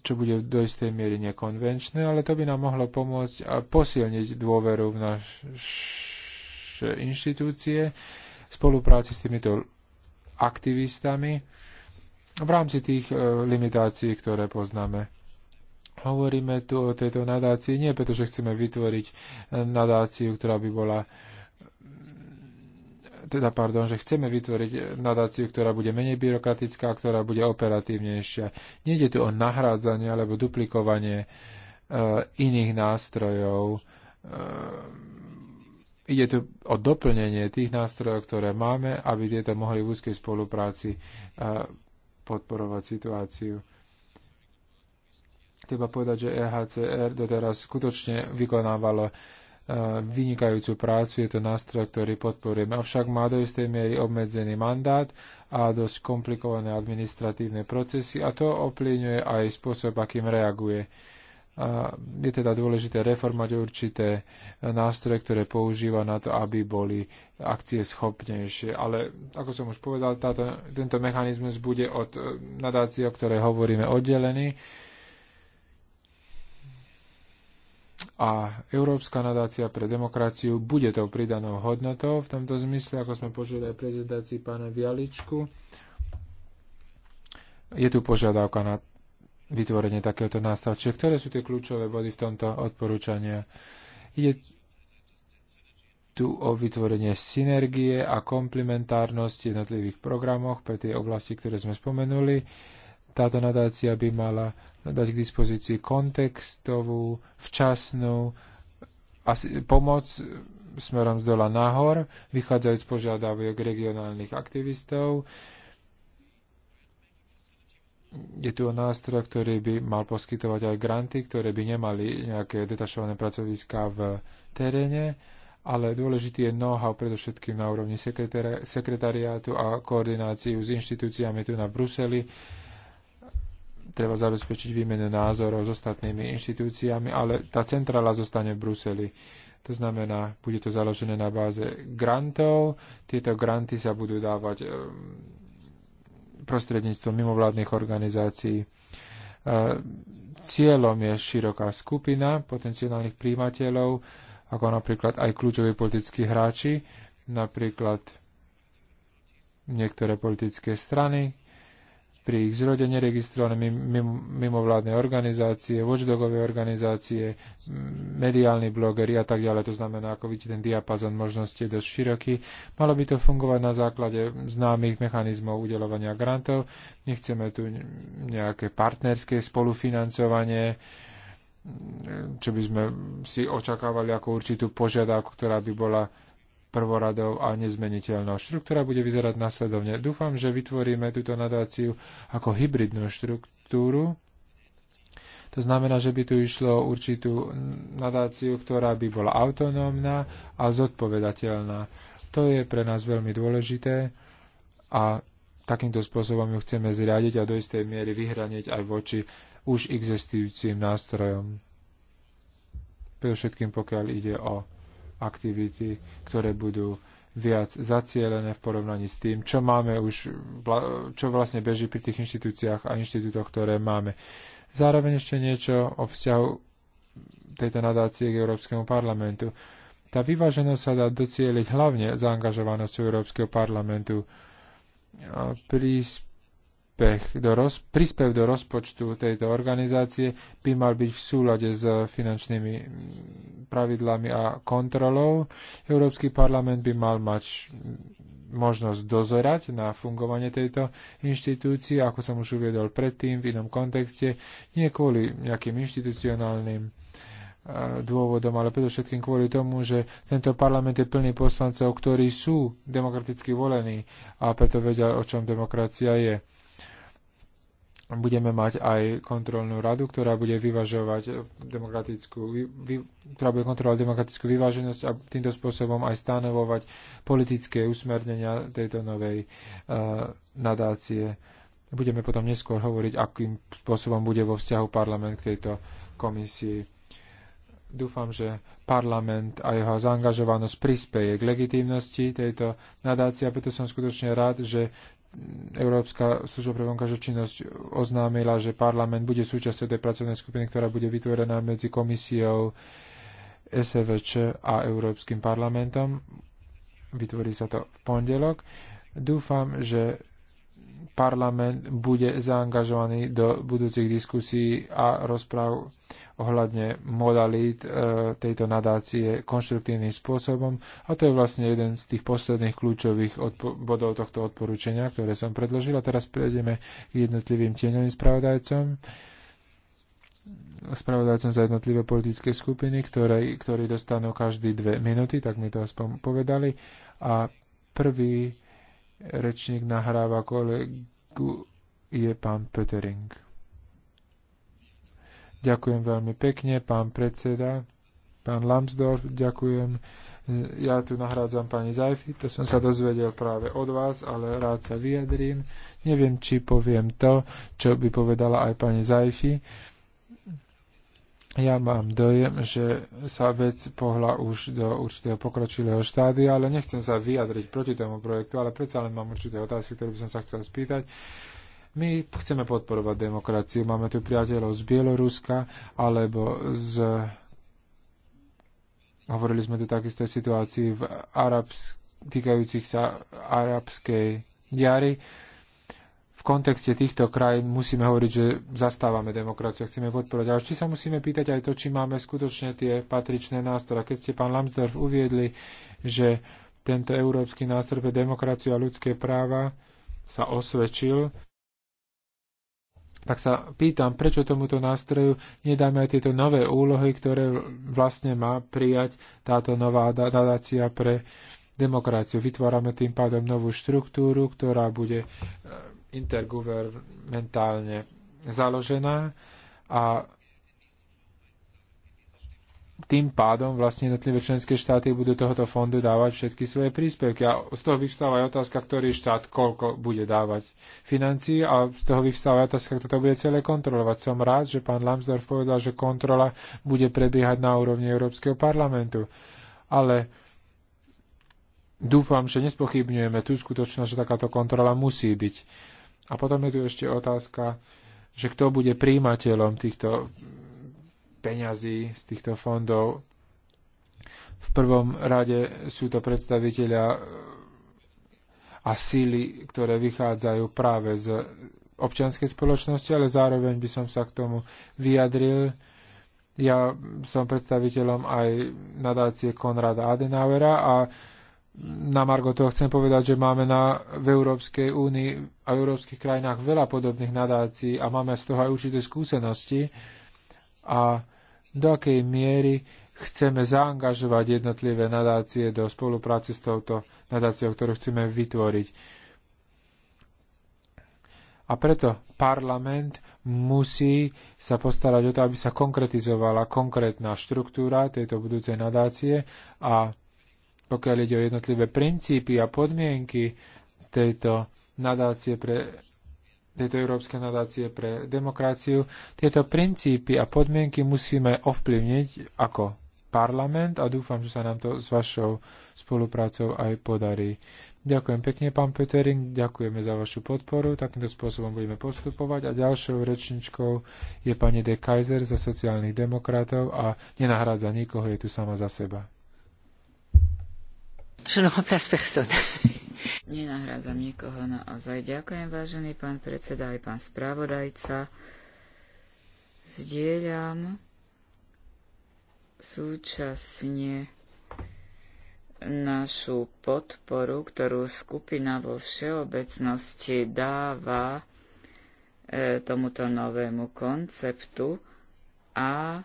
čo bude do istej miery nekonvenčné, ale to by nám mohlo pomôcť a posilniť dôveru v naše inštitúcie, spolupráci s týmito aktivistami v rámci tých e, limitácií, ktoré poznáme. Hovoríme tu o tejto nadácii nie preto, že chceme vytvoriť e, nadáciu, ktorá by bola e, teda pardon, že chceme vytvoriť nadáciu, ktorá bude menej byrokratická, ktorá bude operatívnejšia. Nejde tu o nahrádzanie alebo duplikovanie e, iných nástrojov. E, Ide tu o doplnenie tých nástrojov, ktoré máme, aby tieto mohli v úzkej spolupráci e, podporovať situáciu. Treba povedať, že EHCR doteraz skutočne vykonávalo e, vynikajúcu prácu, je to nástroj, ktorý podporujeme. Avšak má do istej miery obmedzený mandát a dosť komplikované administratívne procesy a to ovplyvňuje aj spôsob, akým reaguje a je teda dôležité reformať určité e, nástroje, ktoré používa na to, aby boli akcie schopnejšie. Ale ako som už povedal, táto, tento mechanizmus bude od e, nadácie, o ktorej hovoríme, oddelený. A Európska nadácia pre demokraciu bude tou pridanou hodnotou v tomto zmysle, ako sme počuli aj prezentácii pána Vialičku. Je tu požiadavka na vytvorenie takéhoto nástavčia. ktoré sú tie kľúčové body v tomto odporúčania? Ide tu o vytvorenie synergie a komplementárnosti v jednotlivých programoch pre tie oblasti, ktoré sme spomenuli. Táto nadácia by mala dať k dispozícii kontextovú, včasnú pomoc smerom z dola nahor, vychádzajúc z požiadaviek regionálnych aktivistov, je tu nástroj, ktorý by mal poskytovať aj granty, ktoré by nemali nejaké detašované pracoviská v teréne, ale dôležitý je know-how predovšetkým na úrovni sekretariátu a koordináciu s inštitúciami tu na Bruseli. Treba zabezpečiť výmenu názorov s ostatnými inštitúciami, ale tá centrála zostane v Bruseli. To znamená, bude to založené na báze grantov. Tieto granty sa budú dávať ehm, prostredníctvom mimovládnych organizácií. E, cieľom je široká skupina potenciálnych príjimateľov, ako napríklad aj kľúčoví politickí hráči, napríklad niektoré politické strany, pri ich zrode neregistrované mimovládne organizácie, watchdogové organizácie, mediálni blogeri a tak ďalej. To znamená, ako vidíte, ten diapazon možností je dosť široký. Malo by to fungovať na základe známych mechanizmov udelovania grantov. Nechceme tu nejaké partnerské spolufinancovanie, čo by sme si očakávali ako určitú požiadavku, ktorá by bola prvoradov a nezmeniteľnou. Štruktúra bude vyzerať následovne. Dúfam, že vytvoríme túto nadáciu ako hybridnú štruktúru. To znamená, že by tu išlo určitú nadáciu, ktorá by bola autonómna a zodpovedateľná. To je pre nás veľmi dôležité a takýmto spôsobom ju chceme zriadiť a do istej miery vyhraniť aj voči už existujúcim nástrojom. všetkým, pokiaľ ide o aktivity, ktoré budú viac zacielené v porovnaní s tým, čo máme už, čo vlastne beží pri tých inštitúciách a inštitútoch, ktoré máme. Zároveň ešte niečo o vzťahu tejto nadácie k Európskemu parlamentu. Tá vyváženosť sa dá docieliť hlavne zaangažovanosťou Európskeho parlamentu. Prísp- do roz, príspev do rozpočtu tejto organizácie by mal byť v súlade s finančnými pravidlami a kontrolou. Európsky parlament by mal mať možnosť dozorať na fungovanie tejto inštitúcie, ako som už uviedol predtým v inom kontexte, nie kvôli nejakým inštitucionálnym e, dôvodom, ale predovšetkým kvôli tomu, že tento parlament je plný poslancov, ktorí sú demokraticky volení a preto vedia, o čom demokracia je budeme mať aj kontrolnú radu, ktorá bude vyvažovať demokratickú, vy, vy, ktorá bude kontrolovať demokratickú vyváženosť a týmto spôsobom aj stanovovať politické usmernenia tejto novej uh, nadácie. Budeme potom neskôr hovoriť, akým spôsobom bude vo vzťahu parlament k tejto komisii. Dúfam, že parlament a jeho zaangažovanosť prispeje k legitimnosti tejto nadácie a preto som skutočne rád, že Európska služba pre vonkajšiu činnosť oznámila, že parlament bude súčasťou tej pracovnej skupiny, ktorá bude vytvorená medzi komisiou SVČ a Európskym parlamentom. Vytvorí sa to v pondelok. Dúfam, že parlament bude zaangažovaný do budúcich diskusí a rozpráv ohľadne modalít e, tejto nadácie konštruktívnym spôsobom. A to je vlastne jeden z tých posledných kľúčových bodov tohto odporúčania, ktoré som predložil. A teraz prejdeme k jednotlivým tieňovým spravodajcom spravodajcom za jednotlivé politické skupiny, ktoré, ktorí dostanú každý dve minúty, tak mi to aspoň povedali. A prvý Rečník nahráva kolegu je pán Petering. Ďakujem veľmi pekne, pán predseda. Pán Lambsdorff, ďakujem. Ja tu nahrádzam pani Zajfi, to som sa dozvedel práve od vás, ale rád sa vyjadrím. Neviem, či poviem to, čo by povedala aj pani Zajfi ja mám dojem, že sa vec pohla už do určitého pokročilého štádia, ale nechcem sa vyjadriť proti tomu projektu, ale predsa len mám určité otázky, ktoré by som sa chcel spýtať. My chceme podporovať demokraciu. Máme tu priateľov z Bieloruska alebo z... Hovorili sme tu takisto o situácii v arabs... týkajúcich sa arabskej jary v kontexte týchto krajín musíme hovoriť, že zastávame demokraciu, chceme podporovať. Ale či sa musíme pýtať aj to, či máme skutočne tie patričné nástroje. Keď ste, pán Lambsdorff, uviedli, že tento európsky nástroj pre demokraciu a ľudské práva sa osvedčil, tak sa pýtam, prečo tomuto nástroju nedáme aj tieto nové úlohy, ktoré vlastne má prijať táto nová nadácia pre demokraciu. Vytvárame tým pádom novú štruktúru, ktorá bude intergovernmentálne založená a tým pádom vlastne jednotlivé členské štáty budú tohoto fondu dávať všetky svoje príspevky. A z toho vyvstáva aj otázka, ktorý štát koľko bude dávať financí a z toho vyvstáva aj otázka, kto to bude celé kontrolovať. Som rád, že pán Lambsdorff povedal, že kontrola bude prebiehať na úrovni Európskeho parlamentu. Ale dúfam, že nespochybňujeme tú skutočnosť, že takáto kontrola musí byť a potom je tu ešte otázka, že kto bude príjimateľom týchto peňazí z týchto fondov. V prvom rade sú to predstaviteľia e, a síly, ktoré vychádzajú práve z občianskej spoločnosti, ale zároveň by som sa k tomu vyjadril. Ja som predstaviteľom aj nadácie Konrada Adenauera a na Margo toho chcem povedať, že máme na, v Európskej únii a v európskych krajinách veľa podobných nadácií a máme z toho aj určité skúsenosti a do akej miery chceme zaangažovať jednotlivé nadácie do spolupráce s touto nadáciou, ktorú chceme vytvoriť. A preto parlament musí sa postarať o to, aby sa konkretizovala konkrétna štruktúra tejto budúcej nadácie a pokiaľ ide o jednotlivé princípy a podmienky tejto nadácie pre tejto Európskej nadácie pre demokraciu. Tieto princípy a podmienky musíme ovplyvniť ako parlament a dúfam, že sa nám to s vašou spoluprácou aj podarí. Ďakujem pekne, pán Petering, ďakujeme za vašu podporu. Takýmto spôsobom budeme postupovať. A ďalšou rečničkou je pani De Kaiser zo sociálnych demokratov a nenahrádza nikoho, je tu sama za seba. Je ne no, remplace personne. Nenahrádzam nikoho naozaj. No, ďakujem, vážený pán predseda, aj pán spravodajca. Zdieľam súčasne našu podporu, ktorú skupina vo všeobecnosti dáva e, tomuto novému konceptu a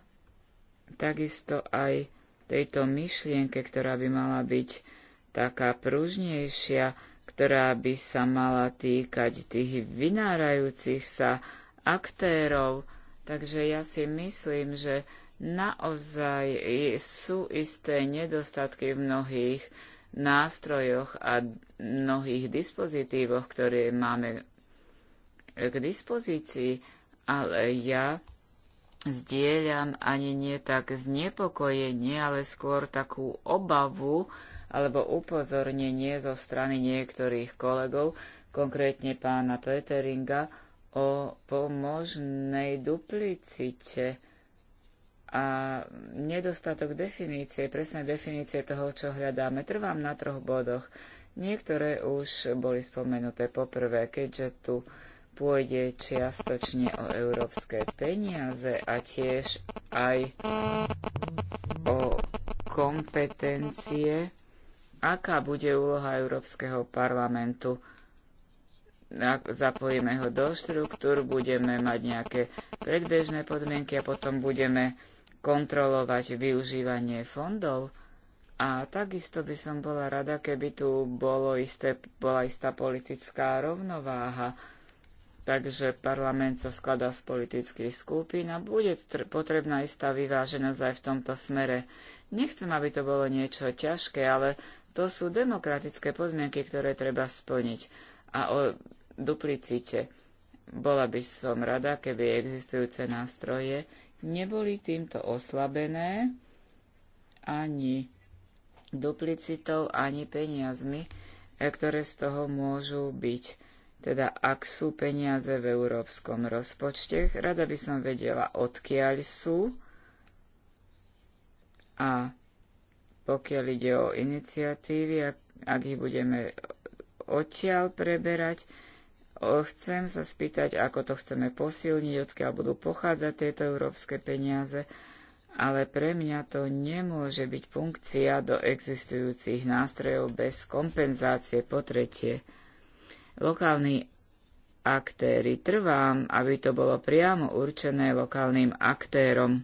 takisto aj tejto myšlienke, ktorá by mala byť taká pružnejšia, ktorá by sa mala týkať tých vynárajúcich sa aktérov. Takže ja si myslím, že naozaj sú isté nedostatky v mnohých nástrojoch a mnohých dispozitívoch, ktoré máme k dispozícii, ale ja zdieľam ani nie tak znepokojenie, ale skôr takú obavu, alebo upozornenie zo strany niektorých kolegov, konkrétne pána Peteringa, o pomožnej duplicite a nedostatok definície, presnej definície toho, čo hľadáme. Trvám na troch bodoch. Niektoré už boli spomenuté poprvé, keďže tu pôjde čiastočne o európske peniaze a tiež aj o kompetencie aká bude úloha Európskeho parlamentu. Ak zapojíme ho do štruktúr, budeme mať nejaké predbežné podmienky a potom budeme kontrolovať využívanie fondov. A takisto by som bola rada, keby tu bolo isté, bola istá politická rovnováha. Takže parlament sa skladá z politických skupín a bude potrebná istá vyváženosť aj v tomto smere. Nechcem, aby to bolo niečo ťažké, ale to sú demokratické podmienky, ktoré treba splniť. A o duplicite bola by som rada, keby existujúce nástroje neboli týmto oslabené ani duplicitou, ani peniazmi, e, ktoré z toho môžu byť. Teda ak sú peniaze v európskom rozpočte, rada by som vedela, odkiaľ sú a pokiaľ ide o iniciatívy, ak, ak ich budeme odtiaľ preberať, chcem sa spýtať, ako to chceme posilniť, odkiaľ budú pochádzať tieto európske peniaze, ale pre mňa to nemôže byť funkcia do existujúcich nástrojov bez kompenzácie. Po tretie, lokálni aktéry. Trvám, aby to bolo priamo určené lokálnym aktérom.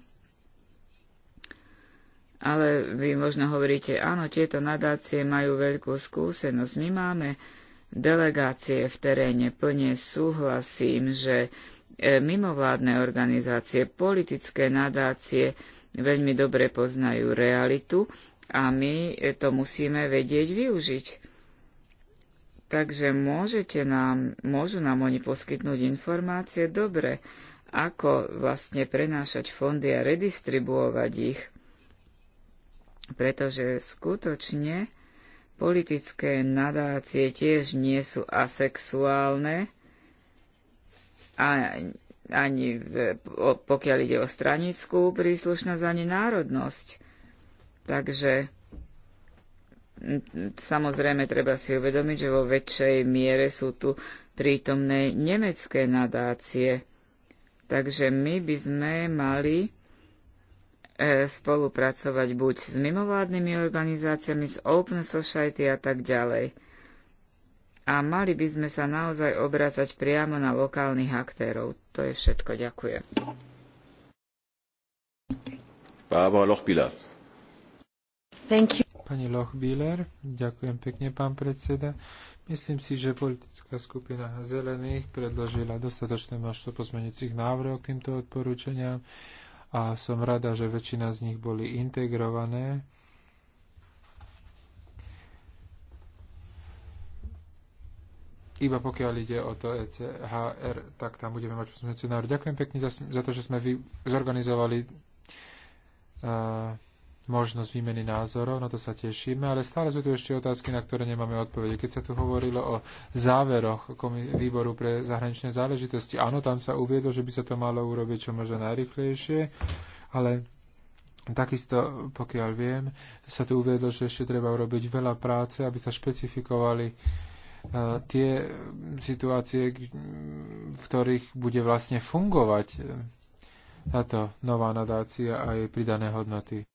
Ale vy možno hovoríte, áno, tieto nadácie majú veľkú skúsenosť. My máme delegácie v teréne. Plne súhlasím, že e, mimovládne organizácie, politické nadácie veľmi dobre poznajú realitu a my e, to musíme vedieť využiť. Takže môžete nám, môžu nám oni poskytnúť informácie dobre, ako vlastne prenášať fondy a redistribuovať ich pretože skutočne politické nadácie tiež nie sú asexuálne, a, ani v, pokiaľ ide o stranickú príslušnosť, ani národnosť. Takže samozrejme treba si uvedomiť, že vo väčšej miere sú tu prítomné nemecké nadácie. Takže my by sme mali E, spolupracovať buď s mimovládnymi organizáciami, s Open Society a tak ďalej. A mali by sme sa naozaj obrácať priamo na lokálnych aktérov. To je všetko. Ďakujem. Pani Lochbiller, ďakujem pekne, pán predseda. Myslím si, že politická skupina Zelených predložila dostatočné množstvo pozmeňujúcich návrhov k týmto odporúčaniam a som rada, že väčšina z nich boli integrované. Iba pokiaľ ide o to ECHR, tak tam budeme mať pozmeňujúci návrh. Ďakujem pekne za, za to, že sme vy, zorganizovali uh, možnosť výmeny názorov, na to sa tešíme, ale stále sú tu ešte otázky, na ktoré nemáme odpovede. Keď sa tu hovorilo o záveroch výboru pre zahraničné záležitosti, áno, tam sa uviedlo, že by sa to malo urobiť čo možno najrychlejšie, ale takisto, pokiaľ viem, sa tu uviedlo, že ešte treba urobiť veľa práce, aby sa špecifikovali e, tie situácie, v ktorých bude vlastne fungovať e, táto nová nadácia a jej pridané hodnoty.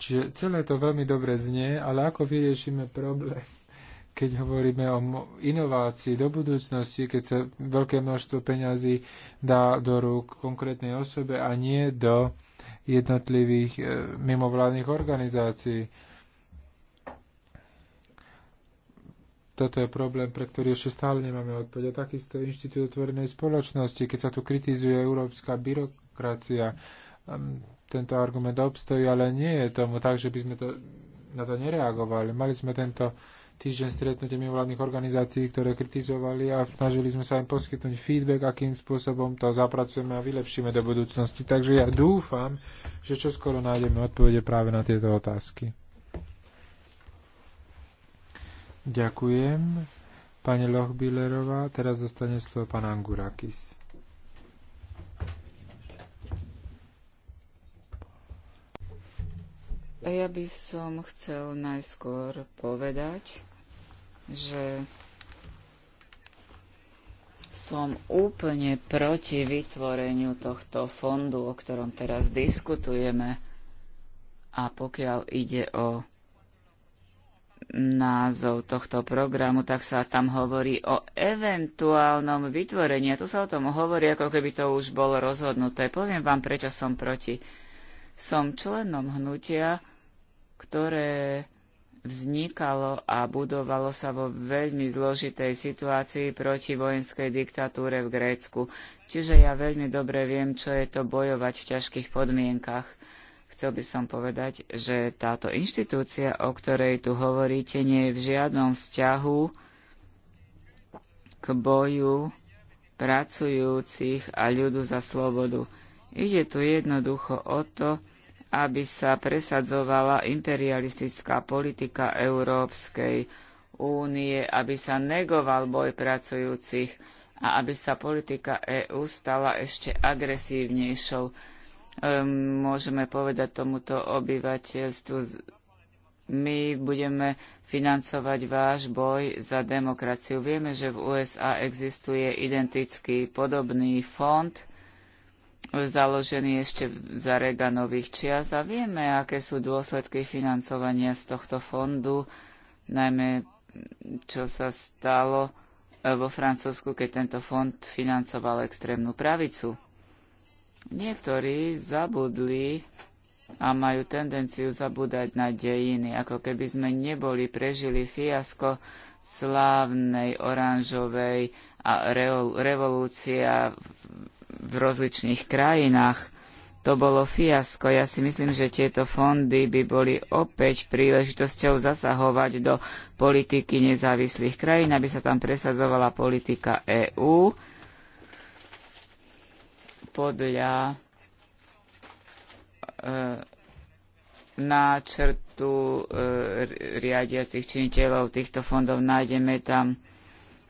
Čiže celé to veľmi dobre znie, ale ako vyriešime problém, keď hovoríme o inovácii do budúcnosti, keď sa veľké množstvo peňazí dá do rúk konkrétnej osobe a nie do jednotlivých e, mimovládnych organizácií. toto je problém, pre ktorý ešte stále nemáme odpoveď. A takisto Inštitút otvorenej spoločnosti, keď sa tu kritizuje európska byrokracia, tento argument obstojí, ale nie je tomu tak, že by sme to, na to nereagovali. Mali sme tento týždeň stretnutie mimovládnych organizácií, ktoré kritizovali a snažili sme sa im poskytnúť feedback, akým spôsobom to zapracujeme a vylepšíme do budúcnosti. Takže ja dúfam, že čoskoro nájdeme odpovede práve na tieto otázky. Ďakujem. Pani Lochbillerová, teraz dostane slovo pán Angurakis. Ja by som chcel najskôr povedať, že som úplne proti vytvoreniu tohto fondu, o ktorom teraz diskutujeme. A pokiaľ ide o názov tohto programu, tak sa tam hovorí o eventuálnom vytvorení. A tu sa o tom hovorí, ako keby to už bolo rozhodnuté. Poviem vám, prečo som proti. Som členom hnutia, ktoré vznikalo a budovalo sa vo veľmi zložitej situácii proti vojenskej diktatúre v Grécku. Čiže ja veľmi dobre viem, čo je to bojovať v ťažkých podmienkach. Chcel by som povedať, že táto inštitúcia, o ktorej tu hovoríte, nie je v žiadnom vzťahu k boju pracujúcich a ľudu za slobodu. Ide tu jednoducho o to, aby sa presadzovala imperialistická politika Európskej únie, aby sa negoval boj pracujúcich a aby sa politika EÚ stala ešte agresívnejšou. Ehm, môžeme povedať tomuto obyvateľstvu, my budeme financovať váš boj za demokraciu. Vieme, že v USA existuje identický podobný fond – založený ešte za Reganových čias a vieme, aké sú dôsledky financovania z tohto fondu, najmä čo sa stalo eh, vo Francúzsku, keď tento fond financoval extrémnu pravicu. Niektorí zabudli a majú tendenciu zabúdať na dejiny, ako keby sme neboli prežili fiasko slávnej oranžovej revolúcie a v rozličných krajinách. To bolo fiasko. Ja si myslím, že tieto fondy by boli opäť príležitosťou zasahovať do politiky nezávislých krajín, aby sa tam presadzovala politika EÚ podľa e, náčrtu e, riadiacich činiteľov týchto fondov nájdeme tam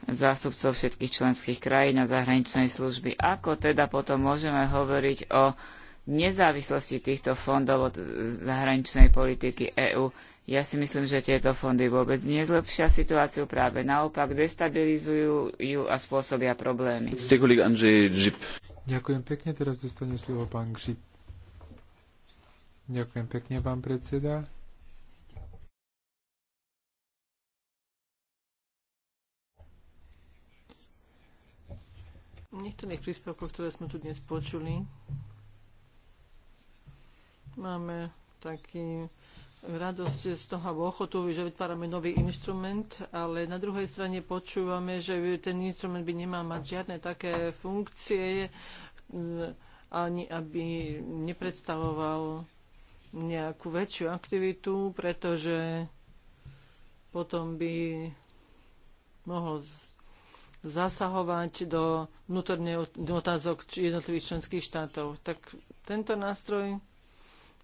zástupcov všetkých členských krajín a zahraničnej služby. Ako teda potom môžeme hovoriť o nezávislosti týchto fondov od zahraničnej politiky EÚ? Ja si myslím, že tieto fondy vôbec nezlepšia situáciu, práve naopak destabilizujú ju a spôsobia problémy. Ďakujem pekne, teraz dostane slovo pán Gžip. Ďakujem pekne, pán predseda. niektorých príspevkov, ktoré sme tu dnes počuli, máme taký radosť z toho a ochotu, že vytvárame nový inštrument, ale na druhej strane počúvame, že ten instrument by nemal mať žiadne také funkcie, ani aby nepredstavoval nejakú väčšiu aktivitu, pretože potom by mohol zasahovať do vnútorných otázok jednotlivých členských štátov. Tak tento nástroj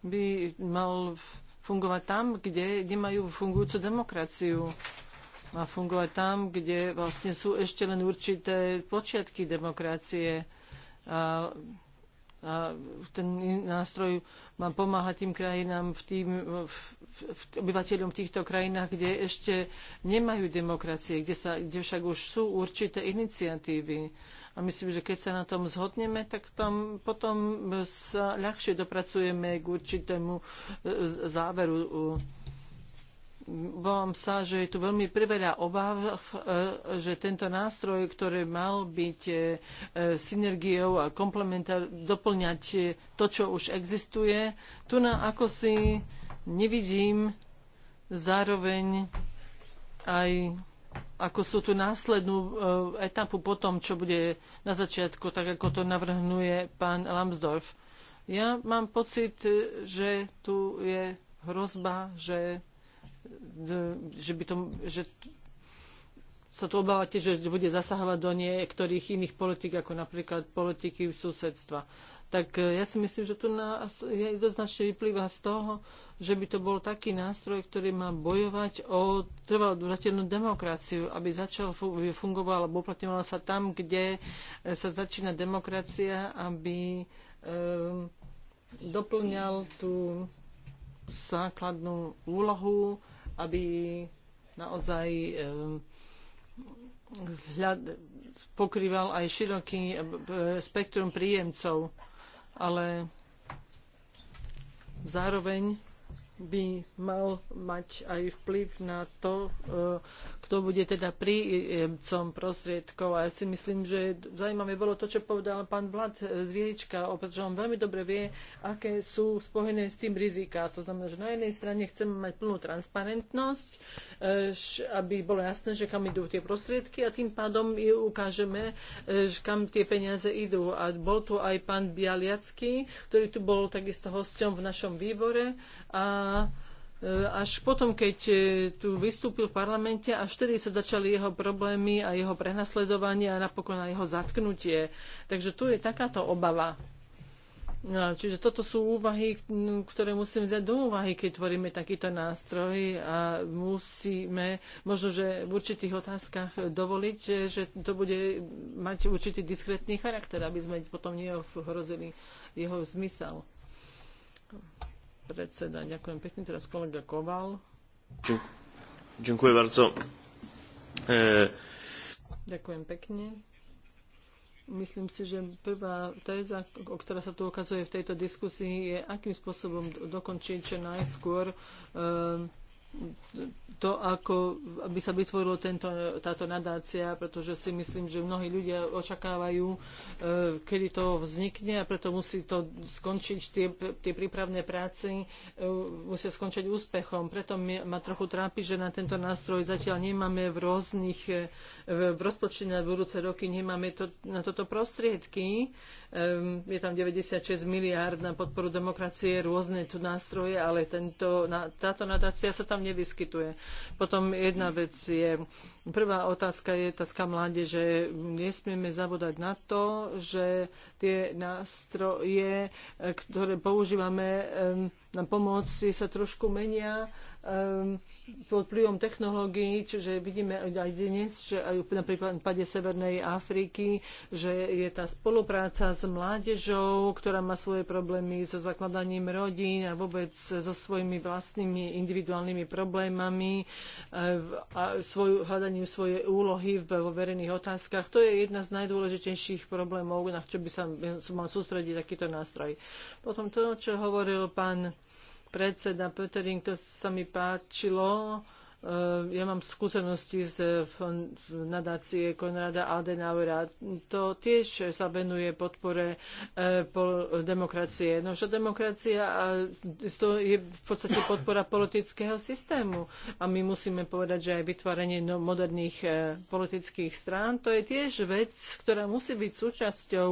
by mal fungovať tam, kde nemajú fungujúcu demokraciu. Má fungovať tam, kde vlastne sú ešte len určité počiatky demokracie. A a ten nástroj má pomáhať tým krajinám, v tým, v, v, obyvateľom v týchto krajinách, kde ešte nemajú demokracie, kde, sa, kde však už sú určité iniciatívy. A myslím, že keď sa na tom zhodneme, tak tam potom sa ľahšie dopracujeme k určitému e, záveru obávam sa, že je tu veľmi priveľa obáv, eh, že tento nástroj, ktorý mal byť eh, synergiou a komplementár, doplňať eh, to, čo už existuje, tu na ako si nevidím zároveň aj ako sú tu následnú etapu po tom, čo bude na začiatku, tak ako to navrhnuje pán Lambsdorff. Ja mám pocit, že tu je hrozba, že že by to, že sa tu obávate, že bude zasahovať do niektorých iných politik, ako napríklad politiky susedstva. Tak e, ja si myslím, že tu nás jednoznačne vyplýva z toho, že by to bol taký nástroj, ktorý má bojovať o trvalodurateľnú demokraciu, aby začal fungovať alebo uplatňovala sa tam, kde e, sa začína demokracia, aby um, doplňal tú základnú úlohu aby naozaj hľad, pokrýval aj široký spektrum príjemcov, ale zároveň by mal mať aj vplyv na to, kto bude teda príjemcom prostriedkov. A ja si myslím, že zaujímavé bolo to, čo povedal pán Vlad z Vierička, pretože on veľmi dobre vie, aké sú spojené s tým riziká. To znamená, že na jednej strane chceme mať plnú transparentnosť, eh, aby bolo jasné, že kam idú tie prostriedky a tým pádom ju ukážeme, eh, kam tie peniaze idú. A bol tu aj pán Bialiacký, ktorý tu bol takisto hosťom v našom výbore a E, až potom, keď e, tu vystúpil v parlamente, až vtedy sa začali jeho problémy a jeho prenasledovanie a napokon aj jeho zatknutie. Takže tu je takáto obava. No, čiže toto sú úvahy, ktoré musím vziať do úvahy, keď tvoríme takýto nástroj a musíme možno, že v určitých otázkach dovoliť, e, že to bude mať určitý diskrétny charakter, aby sme potom neohrozili jeho zmysel predseda. Ďakujem pekne. Teraz kolega Koval. Ďakujem bardzo. E... Ďakujem pekne. Myslím si, že prvá téza, o ktorá sa tu ukazuje v tejto diskusii, je, akým spôsobom dokončiť čo najskôr e, to, ako aby sa vytvorila tento, táto nadácia, pretože si myslím, že mnohí ľudia očakávajú, e, kedy to vznikne a preto musí to skončiť, tie, tie prípravné práce e, musia skončiť úspechom. Preto ma trochu trápi, že na tento nástroj zatiaľ nemáme v rôznych, e, v rozpočte na budúce roky nemáme to, na toto prostriedky. Je tam 96 miliárd na podporu demokracie, rôzne tu nástroje, ale tento, na, táto nadácia sa tam nevyskytuje. Potom jedna vec je, prvá otázka je otázka mládeže. Nesmieme zabúdať na to, že tie nástroje, ktoré používame, na pomôcť sa trošku menia um, pod vplyvom technológií, čiže vidíme aj dnes, že aj napríklad v prípade Severnej Afriky, že je tá spolupráca s mládežou, ktorá má svoje problémy so zakladaním rodín a vôbec so svojimi vlastnými individuálnymi problémami eh, a svoju, hľadaním svojej úlohy vo verejných otázkach. To je jedna z najdôležitejších problémov, na čo by sa mal sústrediť takýto nástroj. Potom to, čo hovoril pán predseda Pöttering, to sa mi páčilo Ehm, ja mám skúsenosti z eh, nadácie Konrada Adenauera. To tiež sa venuje podpore eh, demokracie. No, že demokracia to je v podstate podpora politického systému. A my musíme povedať, že aj vytvorenie no, moderných eh, politických strán, to je tiež vec, ktorá musí byť súčasťou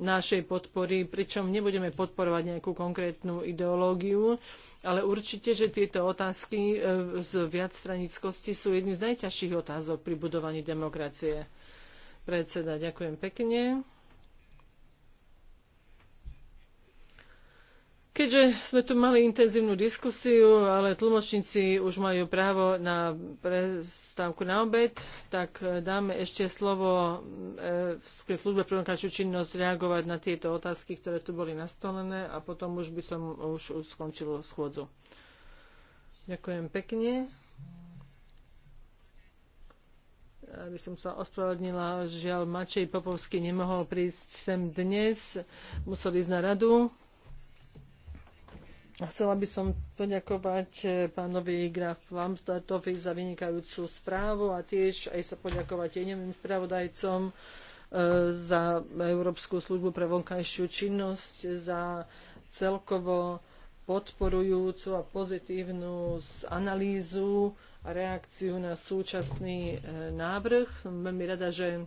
našej podpory, pričom nebudeme podporovať nejakú konkrétnu ideológiu, ale určite, že tieto otázky e, z viacstranickosti sú jedným z najťažších otázok pri budovaní demokracie. Predseda, ďakujem pekne. Keďže sme tu mali intenzívnu diskusiu, ale tlmočníci už majú právo na prestávku na obed, tak e, dáme ešte slovo e, v službe pre činnosť reagovať na tieto otázky, ktoré tu boli nastolené a potom už by som už skončil schôdzu. Ďakujem pekne. aby som sa ospravedlnila, žiaľ Mačej Popovský nemohol prísť sem dnes, musel ísť na radu. Chcela by som poďakovať eh, pánovi Graf Lambsdortovi za vynikajúcu správu a tiež aj sa poďakovať iným spravodajcom eh, za Európsku službu pre vonkajšiu činnosť, za celkovo podporujúcu a pozitívnu analýzu a reakciu na súčasný eh, návrh. Veľmi rada, že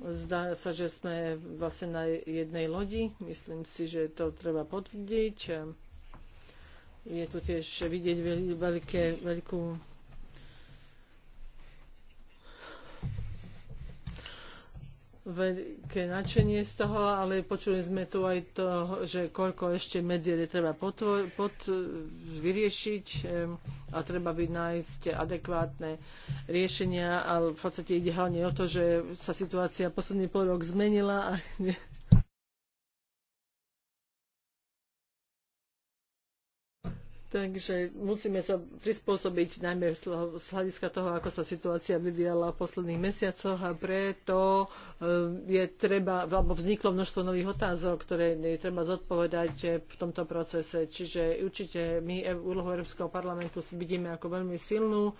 Zdá sa, že sme vlastne na jednej lodi. Myslím si, že to treba potvrdiť. Je tu tiež vidieť veľké, veľkú veľké nadšenie z toho, ale počuli sme tu aj to, že koľko ešte medzier je treba potvo- pod, vyriešiť a treba by nájsť adekvátne riešenia, ale v podstate ide hlavne o to, že sa situácia posledný pol rok zmenila a Takže musíme sa prispôsobiť najmä z hľadiska toho, ako sa situácia vyvíjala v posledných mesiacoch a preto eh, je treba, alebo vzniklo množstvo nových otázok, ktoré je treba zodpovedať eh, v tomto procese. Čiže určite my eh, úlohu Európskeho parlamentu vidíme ako veľmi silnú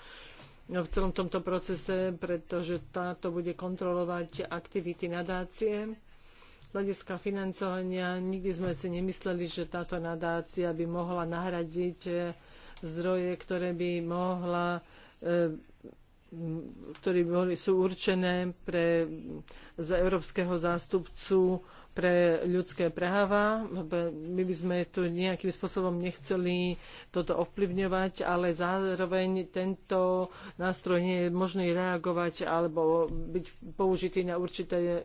v celom tomto procese, pretože táto bude kontrolovať aktivity nadácie z hľadiska financovania nikdy sme si nemysleli, že táto nadácia by mohla nahradiť e, zdroje, ktoré by mohla e, ktoré boli, sú určené pre z európskeho zástupcu pre ľudské práva. My by sme tu nejakým spôsobom nechceli toto ovplyvňovať, ale zároveň tento nástroj nie je možný reagovať alebo byť použitý na určité e,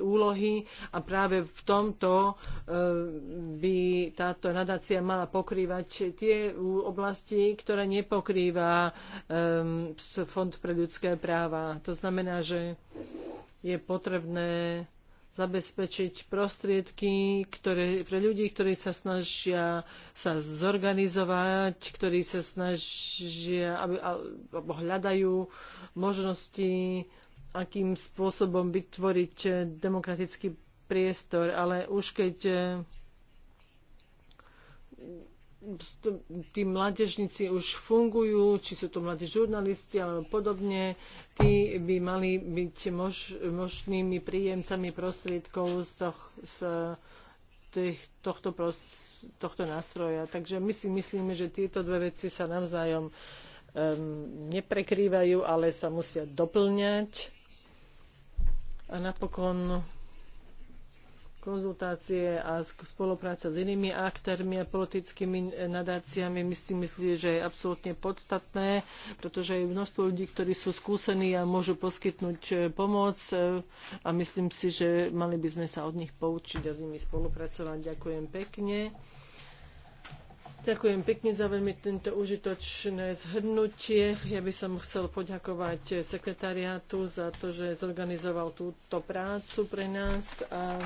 úlohy a práve v tomto e, by táto nadácia mala pokrývať tie oblasti, ktoré nepokrýva e, Fond pre ľudské práva. To znamená, že je potrebné zabezpečiť prostriedky ktoré, pre ľudí, ktorí sa snažia sa zorganizovať, ktorí sa snažia aby, alebo hľadajú možnosti, akým spôsobom vytvoriť demokratický priestor. Ale už keď tí mládežníci už fungujú, či sú to mladí žurnalisti alebo podobne, tí by mali byť mož, možnými príjemcami prostriedkov z, toh, z tých, tohto, prost, tohto nástroja. Takže my si myslíme, že tieto dve veci sa navzájom um, neprekrývajú, ale sa musia doplňať. A napokon konzultácie a spolupráca s inými aktérmi a politickými nadáciami my si myslí, že je absolútne podstatné, pretože je množstvo ľudí, ktorí sú skúsení a môžu poskytnúť e, pomoc e, a myslím si, že mali by sme sa od nich poučiť a s nimi spolupracovať. Ďakujem pekne. Ďakujem pekne za veľmi tento užitočné zhrnutie. Ja by som chcel poďakovať sekretariátu za to, že zorganizoval túto prácu pre nás a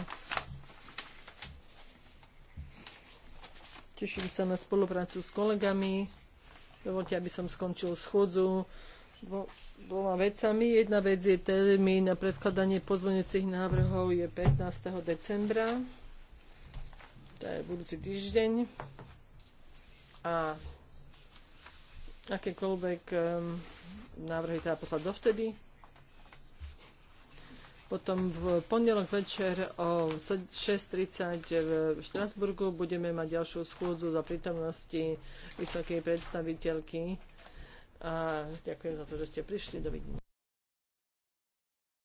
teším sa na spoluprácu s kolegami. Dovolte, aby som skončil schodzu dvoma vecami. Jedna vec je termín na predkladanie pozvonecích návrhov je 15. decembra. To je budúci týždeň a akékoľvek um, návrhy teda poslať dovtedy. Potom v pondelok večer o 6.30 v Štrasburgu budeme mať ďalšiu schôdzu za prítomnosti vysokej predstaviteľky. A ďakujem za to, že ste prišli. Dovidenia.